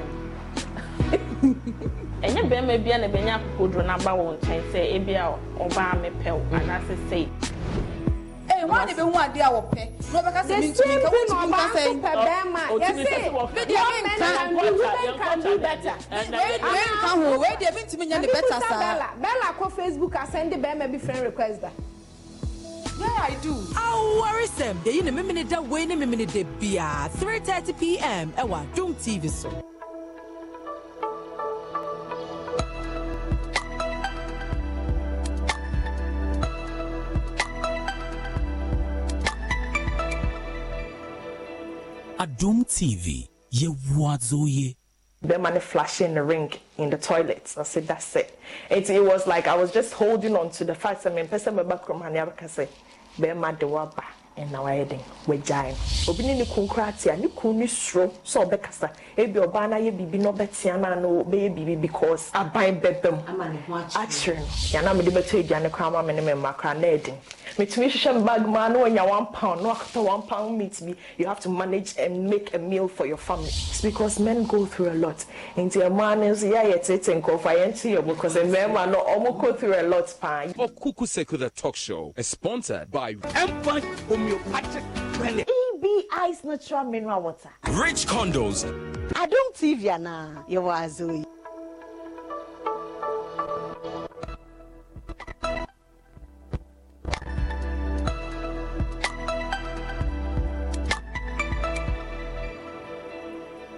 ɛnyɛ bɛrima bia na bɛnya akokoduro n'aba wɔn nkyɛn sɛ ebi a ɔbaa mepɛw anaasɛ sei. ee wọn de bɛ hu adi a wɔpɛ na sɛ mi ntumi nka wotumi nka sɛ yi. yɛsi video mi nka women can do better. wei nka ho wei deɛ mi ntumi nya ne better saa. bella bella kɔ facebook asɛnde bɛrima bi friend request da. Yeah, I do. I'll worry Sam. They in a minute that way in a minute they be 3:30 p.m. Ewa Doom TV so. Adum TV, ye wazoye. The man flashing the ring in the toilet. I said, that's it. it. It was like I was just holding on to the fact that I mean, person back from my say, Bema de Waba. ɛna wayɛden wagyae no obi ne ne kun koraa te a ne kun ne suro sɛ ɔbɛkasa ebi obana no ayɛ biribi no a no ɔbɛyɛ biribi because aban bɛbɛ mu akyere no yɛn a mede bɛtɔ aduane koraa ma me ne me mma koraa na ɛden metumi hyehyɛ bag man when you one pound No after one pound meat me, you have to manage and make a meal for your family it's because men go through a lot your man is yeah, it's ayɛtete nkɔfa yɛnti because mu because mmarima not ɔmo go through a lot For bob Seku the talk show is sponsored by empire homeopathic clinic. EBI's natural mineral water. Rich condos. I don't TV na you were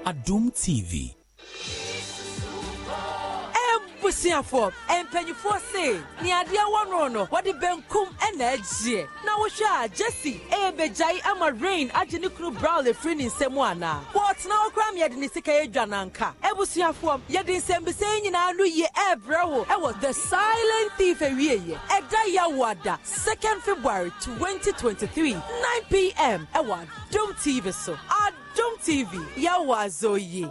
adom tv busuafoɔ mpanyinfoɔ se nea adeɛ wɔ no What wɔde benkum ɛna agyeɛ na wohwɛ a jesse ɛyɛbɛgyae ama rain agye ne kunu browl efiri ne nsam anaa wɔtena hɔ koraa ma yɛde ne sika edwa nanka ebusuafoɔ yɛde nsɛmbisa yi nyinaa no yie ɛɛbrɛ wo ɛwɔ the silent thief awieyɛ ɛda yawo ada second february twenty twenty three nine pm ɛwɔ adum tv so adum. Jom TV ya wazo wazoye.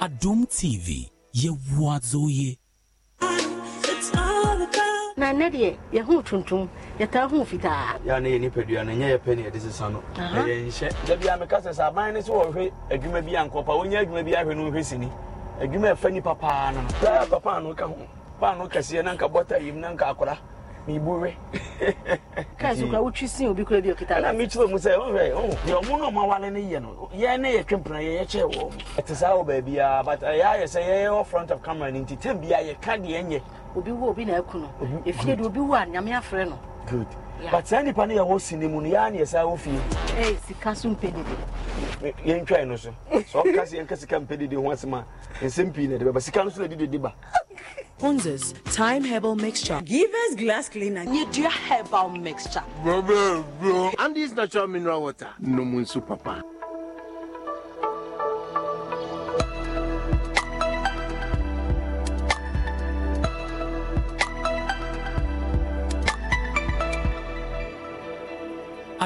Adum TV ya wazoye. Na ne deɛ yɛho tuntum yɛtaa ho fitaa yɛ ne yɛ nipadua no ɛnyɛ yɛpɛ ne yɛde sesa no ɛyɛ nhyɛ da bia meka sɛ sɛ aban ne sɛ wɔhwɛ adwuma bi ankɔpa wɔnyɛ adwuma bi ahwɛ no wohwɛ sini adwuma ɛfa nnipa paa no no saa pa no ka ho paa no kɛseɛ na nka bɔta yim na nka akora mibu we kaa so kora wotwi sin obi kora bi ɔkita na mekyerɛ mu sɛ wohwɛ oh, deɛ ne yɛtwe mpena yɛyɛkyɛɛ wɔ m ɛte saa wɔ baabiaa but ɛyɛayɛ eh, front of camera no nti tam biaa yɛka deɛ nyɛ obi wo obi na good yeah. but saa nipa no yɛwɔ sini mu no yɛa ne yɛsa Hey, fie sika so mpɛ dede yɛntwae no so sɛ ɔka sɛ yɛnka sika mpɛ dede ho asɛm a nsɛm pii na de bɛba sika no so na de ba Hunzes Time Herbal Mixture. Give us glass cleaner. Nidua Herbal Mixture. And this natural mineral water. No munsu papa.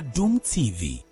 Adum TV,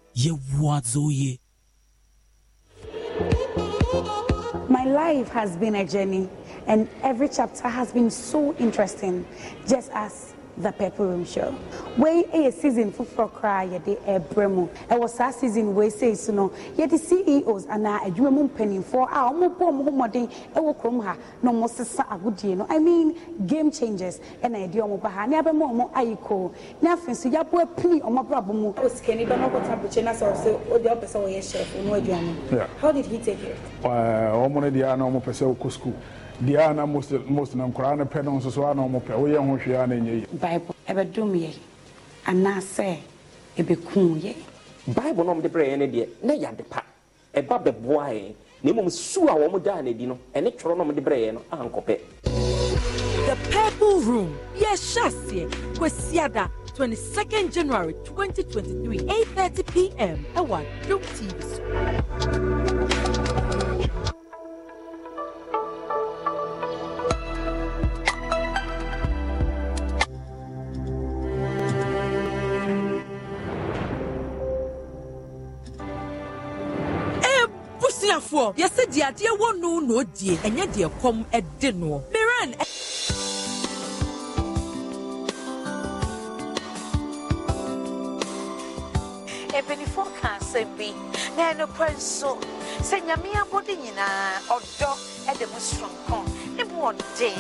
My life has been a journey, and every chapter has been so interesting, just as the purple room show wei yɛ season foforɔ koraa yɛde ɛbrɛ mu ɛwɔ saa season wei sei so no yɛde ceos anaa adwuma mu mpanimfoɔ a wɔbɔ wɔn ho mmɔden wɔ kurom ha na wɔsesa agodie no i mean game changers ɛna yɛde wɔn ba ha ne abɛma wɔn ayi koo ne afei nso yɛabo apini wɔn abrabɔ mu. o sika nipa na ɔkɔta abirikyi na sɛ ɔsɛ o deɛ ɔpɛ sɛ ɔyɛ chef ɔno aduane. how did he take it. wɔn no deɛ na wɔn pɛ sɛ ɔkɔ school deɛ a na most no pɛ no nso so a ɔmo pɛ woyɛ ho hwee a ɛnyɛ yi bible ɛbɛdom yɛ anaasɛ ɛbɛkum yɛ bible no ɔmde brɛɛ no deɛ na yɛade pa ɛba bɛboa na mmom su a wɔn daa n'adi no ɛne twerɛ no ɔmde brɛɛ no ankɔpɛ The Purple Room, yes, Shasie, Kwesiada, 22nd January 2023, 8.30 p.m. Ewa, Doom TV. ghanafoɔ yɛsɛ deɛ adeɛ wɔ no na odie ɛnyɛ deɛ kɔm de noɔ miran mpanimfoɔ ka asɛm bi na ɛnokorɛ nso sɛ nyame abɔde nyinaa ɔdɔ ɛde mu soronko ne bo ɔden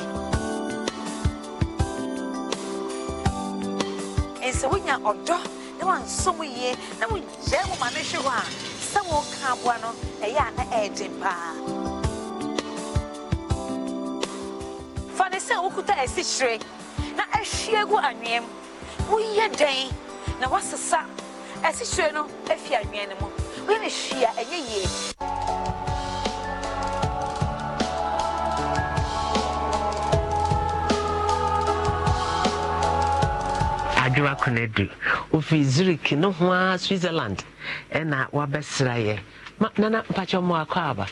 ɛnsɛ wonya ɔdɔ na wansɔ yie na wogyɛe wo ma mehwe hɔ a sɛ wɔka aboa no ɛyɛ a na ɛɛden paa fa ne sɛ wokuta asikyire na ahwie gu anwea woyɛ dɛn na woasesa asikyire no afi anwea no mu woyɛ ne hwie a ɛnyɛ yie adwuma kɔnɛ du ofiri zurich ne ho a switzerland ɛna wabɛsra yɛ nana mpakyɛ mu akɔ aba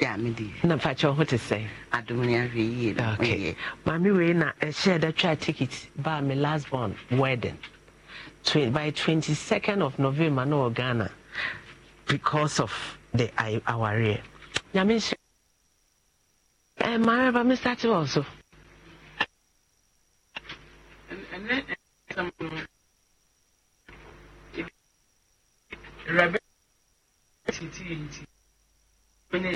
na mpakyɛ ho te sɛ okay. maame wei na ɛhyɛ dɛ twa ticket baa me last born wedding by 22nd of november na wɔ ghana because of the awareɛ nyame hyɛ mmareba mesate wɔ so rabe titi nti onye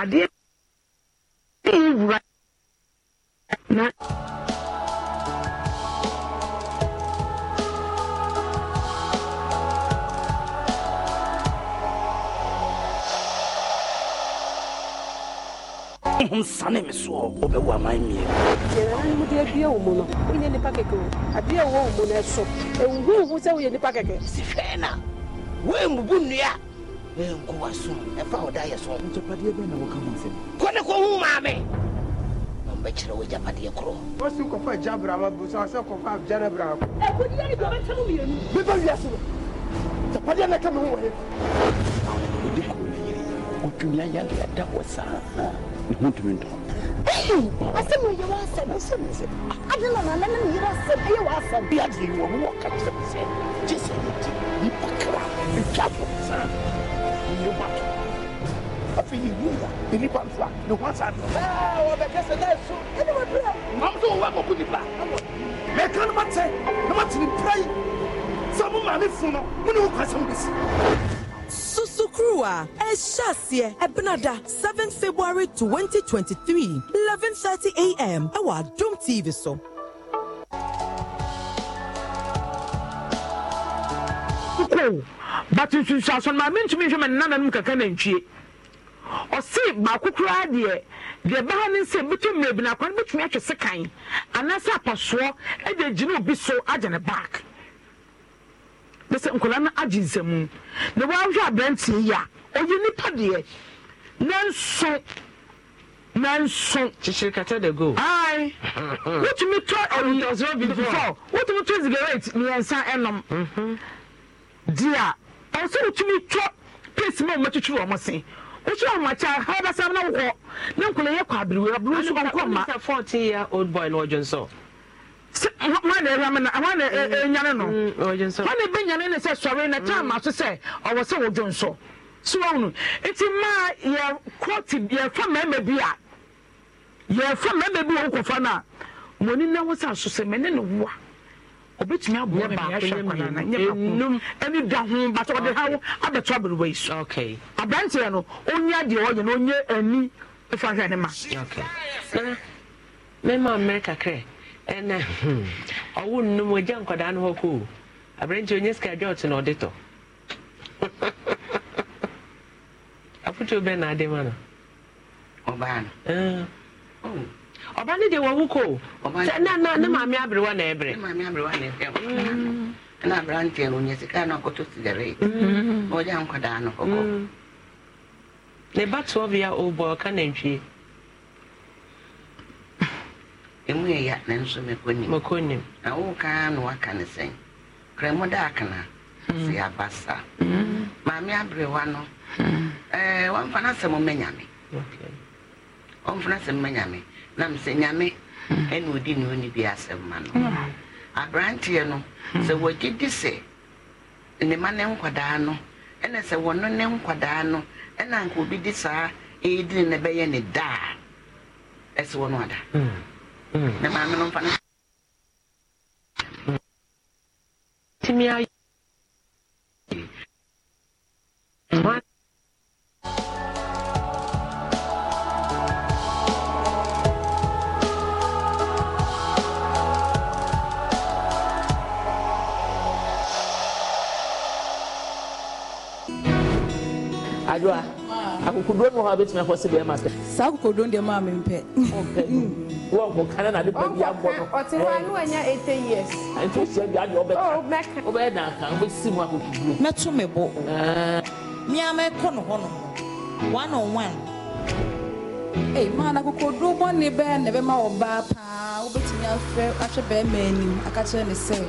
adeɛ honhom sane me soɔ wobɛwo aman mmiɛ yɛnananom de abia wo mu no wonyɛ nnipa kɛkɛ o abia wowɔ wo mu no ɛso ɛnhuhu sɛ woyɛ nnipa kɛkɛ sifɛɛ na woammubu nnua ɛnko wasom ɛfa wo da yɛ so agyapadeɛ bɛ na woka ho asɛm kɔ ne kɔhu maame na mbɛkyerɛ wo agyapadeɛ korɔ wasu kɔfa agya brama bu sɛ sɛ kɔfa agya no brama ɛkodiɛ ne bɛbɛkyɛ no mmienu bɛba wiase no agyapadeɛ na ka me ho wɔ he ɔde kɔ yiri ɔtwumi ayɛ no yɛda wɔ saa ntumi ntɔ. asɛm yɛ w'asɛm ɛsɛ mi sɛ adi na nana ne yɛrɛ asɛm ɛyɛ w'asɛm. bi adi wɔ mu ɔka kyerɛ mi sɛ gye sɛ ne ti nipa kra ntwa bɔ san ne ba to afei yi yi ya ne nipa nfa ne ho asa do. ɛɛ wɔ bɛ kɛsɛ n'a ye so ɛni wɔ dura. maa mi sɔ wɔ ɛmɔ ko nipa mɛ kan ne ma tɛ ne ma ti ni pira yi sɛ mo maa mi funu mo ni o kɔ asɛm bɛ si a ɛhyɛ aseɛ ɛbenada february 2023, 11:30 a.m. ɛwɔ adum tv so. bàtí nsonsanso maame ntumi nhwɛ mɛ nana nom kaka na ntwie ɔsi baako koraa deɛ deɛ ɛbaa ne nsa ebi tumi ebi na akwan bitumi atwe sekan anaasɛ apasoɔ ɛde gyina obi so agye ne baak bɛsɛ nkɔla no agye nsamu na wɔahwɛ aberanteɛ yi a ɔyɛ nipa deɛ nanso nanso. kyekyere kata de go. ayi wotumi tɔ ɛwutɔsoro bi wotumi tɔ cigarette mmiɛnsa ɛnum dia ɔsɛ wotumi tɔ pace mu a wɔatwitwi wɔn se wotu ɔmo akyɛ ha ɔbɛsɛm na wɔ ne nkɔla yɛ kɔ abiriwe abiriwe nso ɔnkɔ ma. ɔmo sɛ fourteen year old boy na ɔdwo nsɔ. sɛ wọn na ɛhwɛ mi mm, mm, na ɛnyane no wọn na ebi nyane ne sɛ sɔre na taama so sɛ ɔwɔ sɛ wɔdwo nsɔ. so wɔn no eti mmaa yɛ kɔɔti yɛfa bi a yɛfa mmarima bi wɔ a wɔn ani kɔnɔ na nyɛ baako ɛni da ho ha abɛto abiriwa yi so aberanteɛ no onye adeɛ no onye ani efa onye afotuo bɛn na ade ma no ɔbaa Na ɔbaa no deɛ wɔwo kɔ sɛ na na ne maame aberewa na ɛbrɛ mm. na aberanteɛ no ɔnya sika na ɔkɔtɔ sigaret mm. na ɔgya nkwadaa no kɔkɔ mm. ne ba toɔbea ɔbɔ ɔka nantwie ɛmu yɛ ya nanso mekɔ nim na wokaa na waka ne sɛn krɛmo da akana si yɛabasa maame aberewa no Eh, wamfa n'asɛm mmɛ nyame ɔmfa n'asɛm mmɛ nyame nam sɛ nyame hmm. ɛna odi ne oni bi asɛm ma no hmm. aberanteɛ no hmm. sɛ wɔgye di sɛ ne ma ne nkwadaa no ɛna sɛ wɔno ne nkwadaa no ɛna nka obi di saa ɛyɛdini na ɛbɛyɛ ne daa ɛsɛ wɔ no ada Ne maame no mfa Timi tumi adwa akokoduo mu hɔ a bɛtumi akɔ sɛdeɛ ma pɛ saa akokoduo deɛ maa me mpɛ mm. wɔnko na de pa abɔ no ɔte hɔ ano eh. anya eighty years nti o hyia bi adeɛ oh, ɔbɛka ɔbɛyɛ danka ɔbɛsi mu akokoduo mɛto me bo eh. mmea mɛkɔ no hɔ no one on one ee maa na akokoduo bɔ ne bɛɛ na ɛbɛma ɔbaa paa wobɛtumi ahwɛ bɛrima anim aka kyerɛ ne sɛ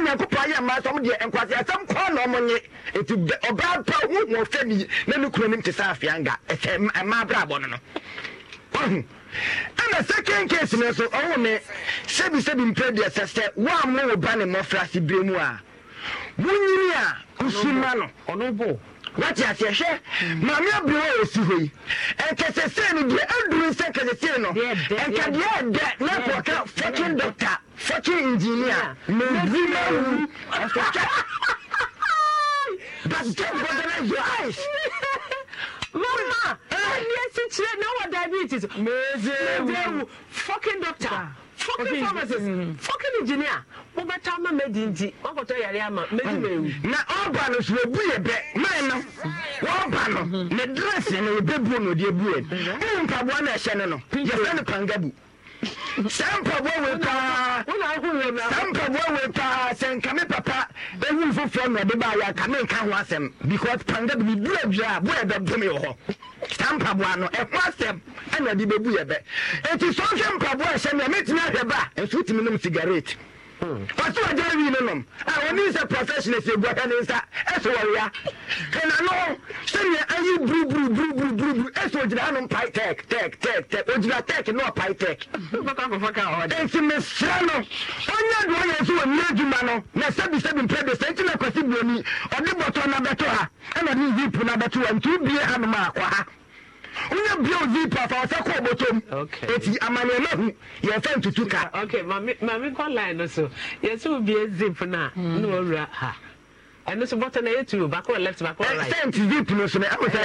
na nyankopɔn ayɛ mmaa sɛ ɔmdeɛ nkwase asɛm kɔɔ na ɔmo nye nti ɔbaa pa ho wɔ fɛ ni na ne kuro nim te sɛ afianga ɛsɛ mmaa brabɔ no no ɔhu ɛna second case no nso ɔho me sɛbisɛbi mpɛ deɛ sɛ sɛ woammo wo ba ne mmɔfra berɛ mu a wonyini a kusuma no ɔno bo wati ase ɛhwɛ maame abiri wa osi hɔ yi nkɛsɛsɛ no deɛ aduru nsɛ nkɛsɛsɛ no nkadeɛ ɛdɛ na kɔka dɔkta fɔkye engineer na ebi na ewu ɛfɔkye but don't bother your eyes. mama ɛni esikyire na wɔ diabetes mezewu fokin doctor ah. fokin pharmacist mm. fokin engineer mo bɛ taa ma medi nti wakɔtɔ yare ama medi mm. ma ewu. na ɔba no so ebu yɛ bɛ mɛn no ɔba no ne dress yɛ no ebi bu mm-hmm. no de ebu yɛ ne mpaboa na ɛhyɛ no no yɛ fɛ no pangabu sɛ mpaboa we paa sɛ mpaboa we paa sɛ nkame papa ɛhu foforɔ na ɔde baayɛ a kame nka ho asɛm because panga de bibia dwira a boyɛ bɛdome wɔ hɔ saa mpaboa no ɛho asɛm ɛna de bɛbu yɛ bɛ ɛti sɛ ɔhwɛ mpaboa ɛhyɛ no ɛmɛtumi ahwɛ ba ɛnso wotumi nom cigarette hmm. ɔsɛ ɔgya wi no nom a ɔne sɛ professional sɛ guahwɛ ne nsa ɛsɛ wɔwea ɛna no sɛneɛ ayi buruburuburuburu duru ɛsɛ ogyina hanom pai tɛk tɛk tɛk tɛk ogyina tɛk na ɔpae tɛk nti mesrɛ no ɔnyɛ deɛ ɔyɛ nso wɔ mmira adwuma no na sɛbisɛbi mprɛ de sɛ nti na kwasi buoni ɔde bɔtɔ no bɛto ha ɛna ne yipu no bɛto ha nti wobie hanom akɔ ha wonyɛ bia o zipa fa ɔsɛ kɔ ɔbɔtɔm eti amaneɛ ma hu yɛfɛ ntutu ka. ok maame kɔ line no so yɛsɛ obie zip na hmm. na ɔwura ha ɛno so bɔtɔ na ɛyɛ baako wɔ left baako wɔ right. sent zip no so na ɛwɔ sɛ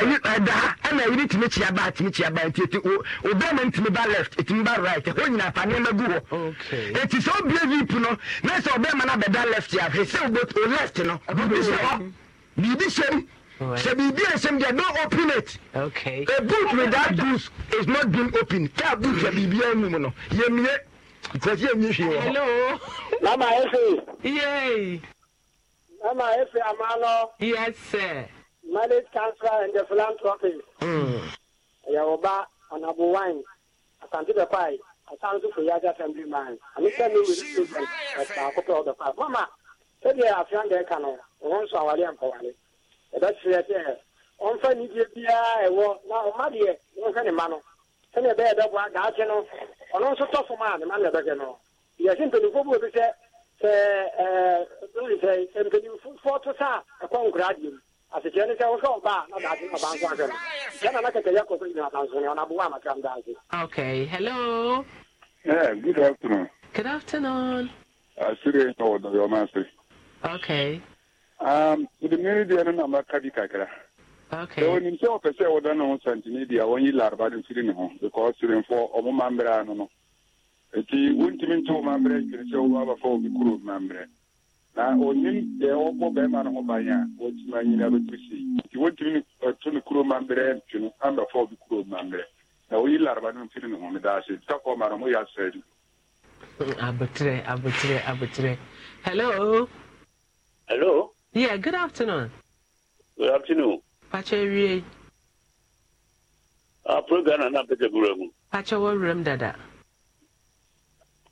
ayi ɛda ha ɛna ɛyi tìmi kyia ba tìmi kyia ba nti eti o bɛrɛ na ntìmi ba left etìmi ba right ɛhɔ nyinaa fa nneɛma gu hɔ. eti sɛ obie zip no na sɛ ɔbɛrɛ na bɛda left yɛ ahwɛ sɛ o left no biribi hyɛ hɔ biribi hyɛ mu. sɛ biribi a ɛsɛm deɛ don't open it okay. a boot without boots is not being open car boot yɛ biribia mu mu no yɛmie because yɛmie hwee wɔ hɔ Mama, if I'm Amano. Yes, sir. Marriage counselor and the philanthropist. Mm. Yawoba, Honorable Wine, do the Pie, I can't Asante for Yaga man. I'm telling you with the children, but I'll the pie. Mama, tell you, I've found the canoe. Once I was young, Kawani. That's it, yeah. On Fanny, dear, well, now, Maddy, no Fanny Mano. Send a bed up, to get no. On also to for man, the man, going to Yes, in the Lubu, we said sɛ sɛ sɛ mpanimfoɔ to sa a ɛkɔ nkora adeɛ mu asekyerɛ ne sɛ wohwɛ ɔba a na daase ɔbanso ahwɛ no kyɛ na na kɛkɛyɛ kɔ so nyina abansone ɔna bowa amatram daase okay hello yeah, good afternoon good afternoon asere na wɔdɔ e yɛ ɔma ase okay um mede mmere deɛ no na maka bi kakra okay sɛ onim sɛ ɔpɛ sɛ wɔda ne ho santene deɛ wɔnyi lareba no mfiri ne ho because serenfoɔ ɔmoma mmerɛ ano no nti wontumi nte wo mammerɛ adwene sɛ wo abafa wo me kurom mammerɛ na ɔnim deɛ wɔbɔ bɛrima no ho ban a wɔtumi anyina bɛtumi eh, sei nti wontumi to ne kurom mammerɛ dwene ambafa wo me kurom mammerɛ na woyi laraba no mfiri ne ho no daa sɛ takɔ ma no moyɛ asɛe abotrɛ abotrɛ abotrɛ hello hello yeah good afternoon good afternoon pakyɛ wie a ah, program na na mpɛtɛ bura mu pakyɛ wɔ werɛ dada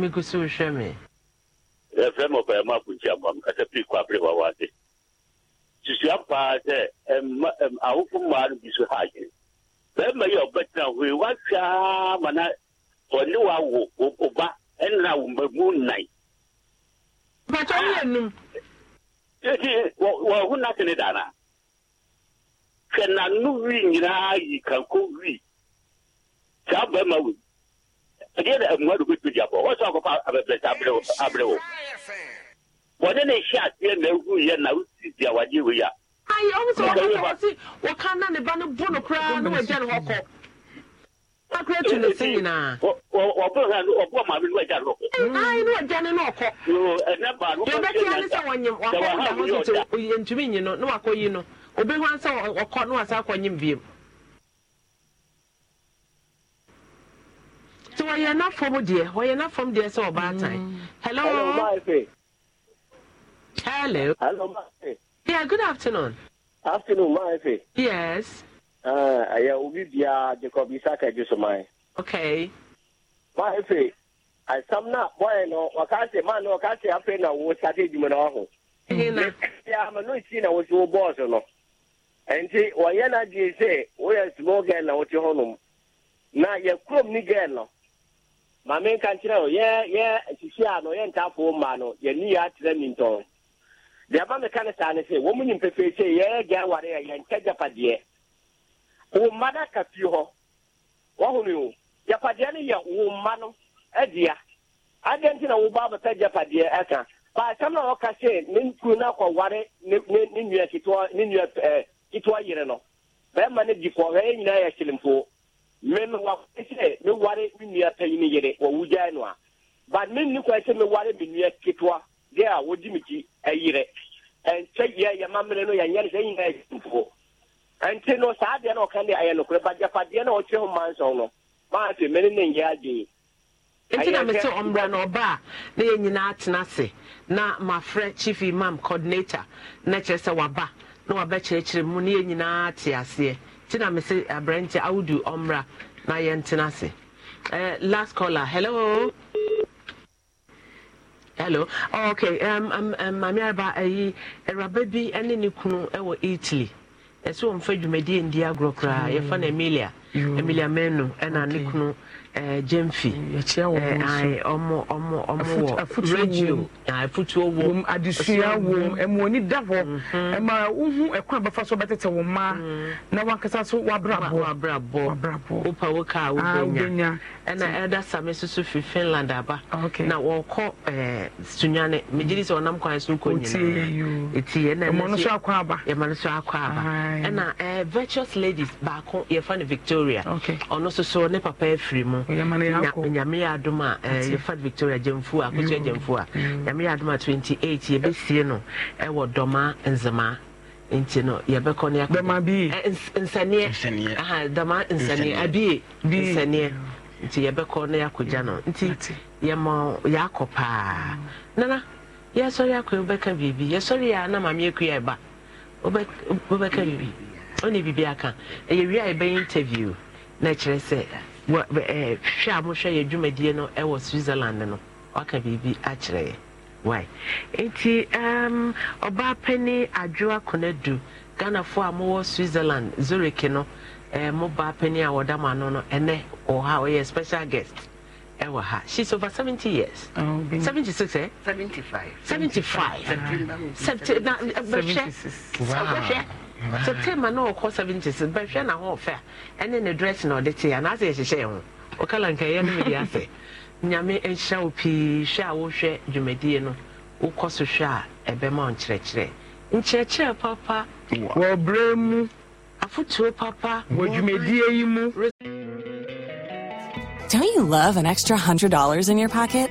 mi kò sí òṣè mi. ẹ fẹ́ mọ̀ pé ẹ má kun jàmbá mi kàtẹ́ pí kó abúlé wa wá dé. Sisi apa sɛ ɛma ɛm awofo mmaa no bi so ha adwene. Bɛrima yi a ɔbɛtena hɔ yi wahwɛ ama na ɔne wawo ɔba ɛnna wɔmbamu nnan. Bàtà yi yɛ num. Eti wɔ ɔho nate ne dana. Hwɛ n'anu wi nyinaa yi kanko wi. Saa bɛrima wɔ mu ɛdeɛ na mmadu bɛtu di abɔ wɔn sɛ ɔkɔfa abɛbrɛsɛ abrɛw abrɛw wɔde ne hyɛ aseɛ na ehu yɛ na osi di awadeɛ wei a. ayi ɔmu sɛ wɔn kasa wɔsi wɔka na ne ba no bu no koraa na wɔgya ne hɔ kɔ akura tu ne se nyinaa. ɔbɔ ha no ɔbɔ maame no wɔgya ne hɔ kɔ. ayi ne wɔgya ne no ɔkɔ. ɛnɛ ba no wɔn ti yɛ ne sɛ wɔnyim wɔn akɔ ne da ho tete ntumi nyi no na wakɔ yi no obi hɔ ansa ɔkɔ na wasa akɔ nyim biem. nti wɔyɛ n'afɔm deɛ wɔyɛ n'afɔm deɛ sɛ ɔbaa tan hello. hello hello. yeah good afternoon. afternoon maafe. yes. Eh, ɛyɛ obi bia jacob isaka jusuman. okay. maafe asam na bɔyɛ no wɔka se maa no wɔka se afei na wo sate edwuma na ɔho. ɛhinna. ɛyà ama no si na wosi wo bɔɔso no nti wɔyɛ na die sɛ woyɛ small girl na wote hɔnom na yɛ kurom ni girl no. ma menka nkyerɛ o yɛ yɛ sisi a no yɛntaafoɔ e mmaa no yɛni yɛ akyerɛ mi ntɔn deɛ ɛba meka ne saa ne sɛ wɔn nyim pefee sɛ yɛyɛ gya ware yɛ yɛnkyɛ gyapadeɛ wo mma no aka fie hɔ wɔho o gyapadeɛ no yɛ wo mma no adea adeɛ nti na wo ba bɛpɛ gyapadeɛ ɛka e baasɛm na ɔka sɛ ne nkuru no akɔware ne ne ketewa ne nua ketewa eh, yere no bɛrima e no di kɔ hɔ nyinaa yɛ hyelemfoɔ me meware me nua panyin yere wɔ no a but menni kwan sɛ meware me nua ketewa deɛ a wɔdi me ti ɛnkyɛ yɛ yɛma mmere no yɛnyɛ sɛ nyinaa yɛmfoɔ ɛnti no saa deɛ na ɔka deɛ ɛyɛ nokorɛ ɔkyerɛ ho mansɔn no maase mene ne nyɛ nti e na no ɔba na yɛ nyinaa tena ase na mafrɛ imam coordinator na kyerɛ sɛ waba na wabɛkyerɛkyerɛ mu na yɛ nyinaa te aseɛ nti na mese aberɛnkyɛ audu ɔmmra na yɛntena ase uh, last caller hello hello oh, okay um, um, um, maame araba ayi awuraba bi ne ne kunu wɔ italy ɛsɛ wɔmfa dwumadie ndi agorɔ koraa yɛfa na mm. emilia emilia menu ɛna ne kunu okay. jemfi afutuo wom adesua wom ɛmu da hɔ ɛma wohu ɛkwan bɛfa so bɛtete wɔn mma na wankasa so wabrabɔ wabrabɔ wopa wo wobɛnya ɛna ɛda same soso fi finland aba na wɔkɔ ɛɛ megye di sɛ ɔnam kwan so nkɔ nyinaa no so akɔ aba ɛna virtuous ladies baako yɛfa no victoria ɔno soso ne papa efiri mu. nyame yɛ adom eh, a yɛfa victoria gyamfu a kosua gyamfu mm. a mm. nyame yɛ adom a 28 yɛbɛsie no ɛwɔ eh, dɔma nzema nti no yɛbɛkɔ no eh, nsɛneɛ dama nsɛneɛ abie nsɛneɛ nti yɛbɛkɔ na yɛakɔgya no nti yɛma yɛakɔ paa mm. nana yɛsɔre akɔ wobɛka biribi yɛsɔre a na mame akua ɛba wobɛka biribi ɔne biribi aka ɛyɛ wie a yɛbɛyɛ interview na ɛkyerɛ sɛ Eh, hwɛ a mohwɛ yɛ dwumadie no ɛwɔ eh, switzerland no waka biribi akyerɛ yɛ wai nti um, ɔbaa pɛni adwoa konadu ghanafoɔ a mowɔ switzerland zurich no eh, mo baa pɛni a wɔda mo ano no ɛnɛ wɔ ha ɔyɛ special guest ɛwɔ eh, ha she's over 70 years oh, okay. 76 eh? 75 75 75 na bɛhwɛ Wow. sɛ tema na ɔkɔ 70s bɛhwɛ na ho ɔfɛ a ɛne ne dress na ɔde teɛ anaasɛ yɛhyehyɛ ho ɔkala nkaeɛ no mede asɛ nyame nhyira wo pii hwɛ a wohwɛ dwumadie no wokɔ so hwɛ a ɛbɛma wo nkyerɛkyerɛ nkyerɛkyerɛ papa wɔ berɛ mu afotuo papa wɔ dwumadie yi mu Don't you love an extra $100 in your pocket?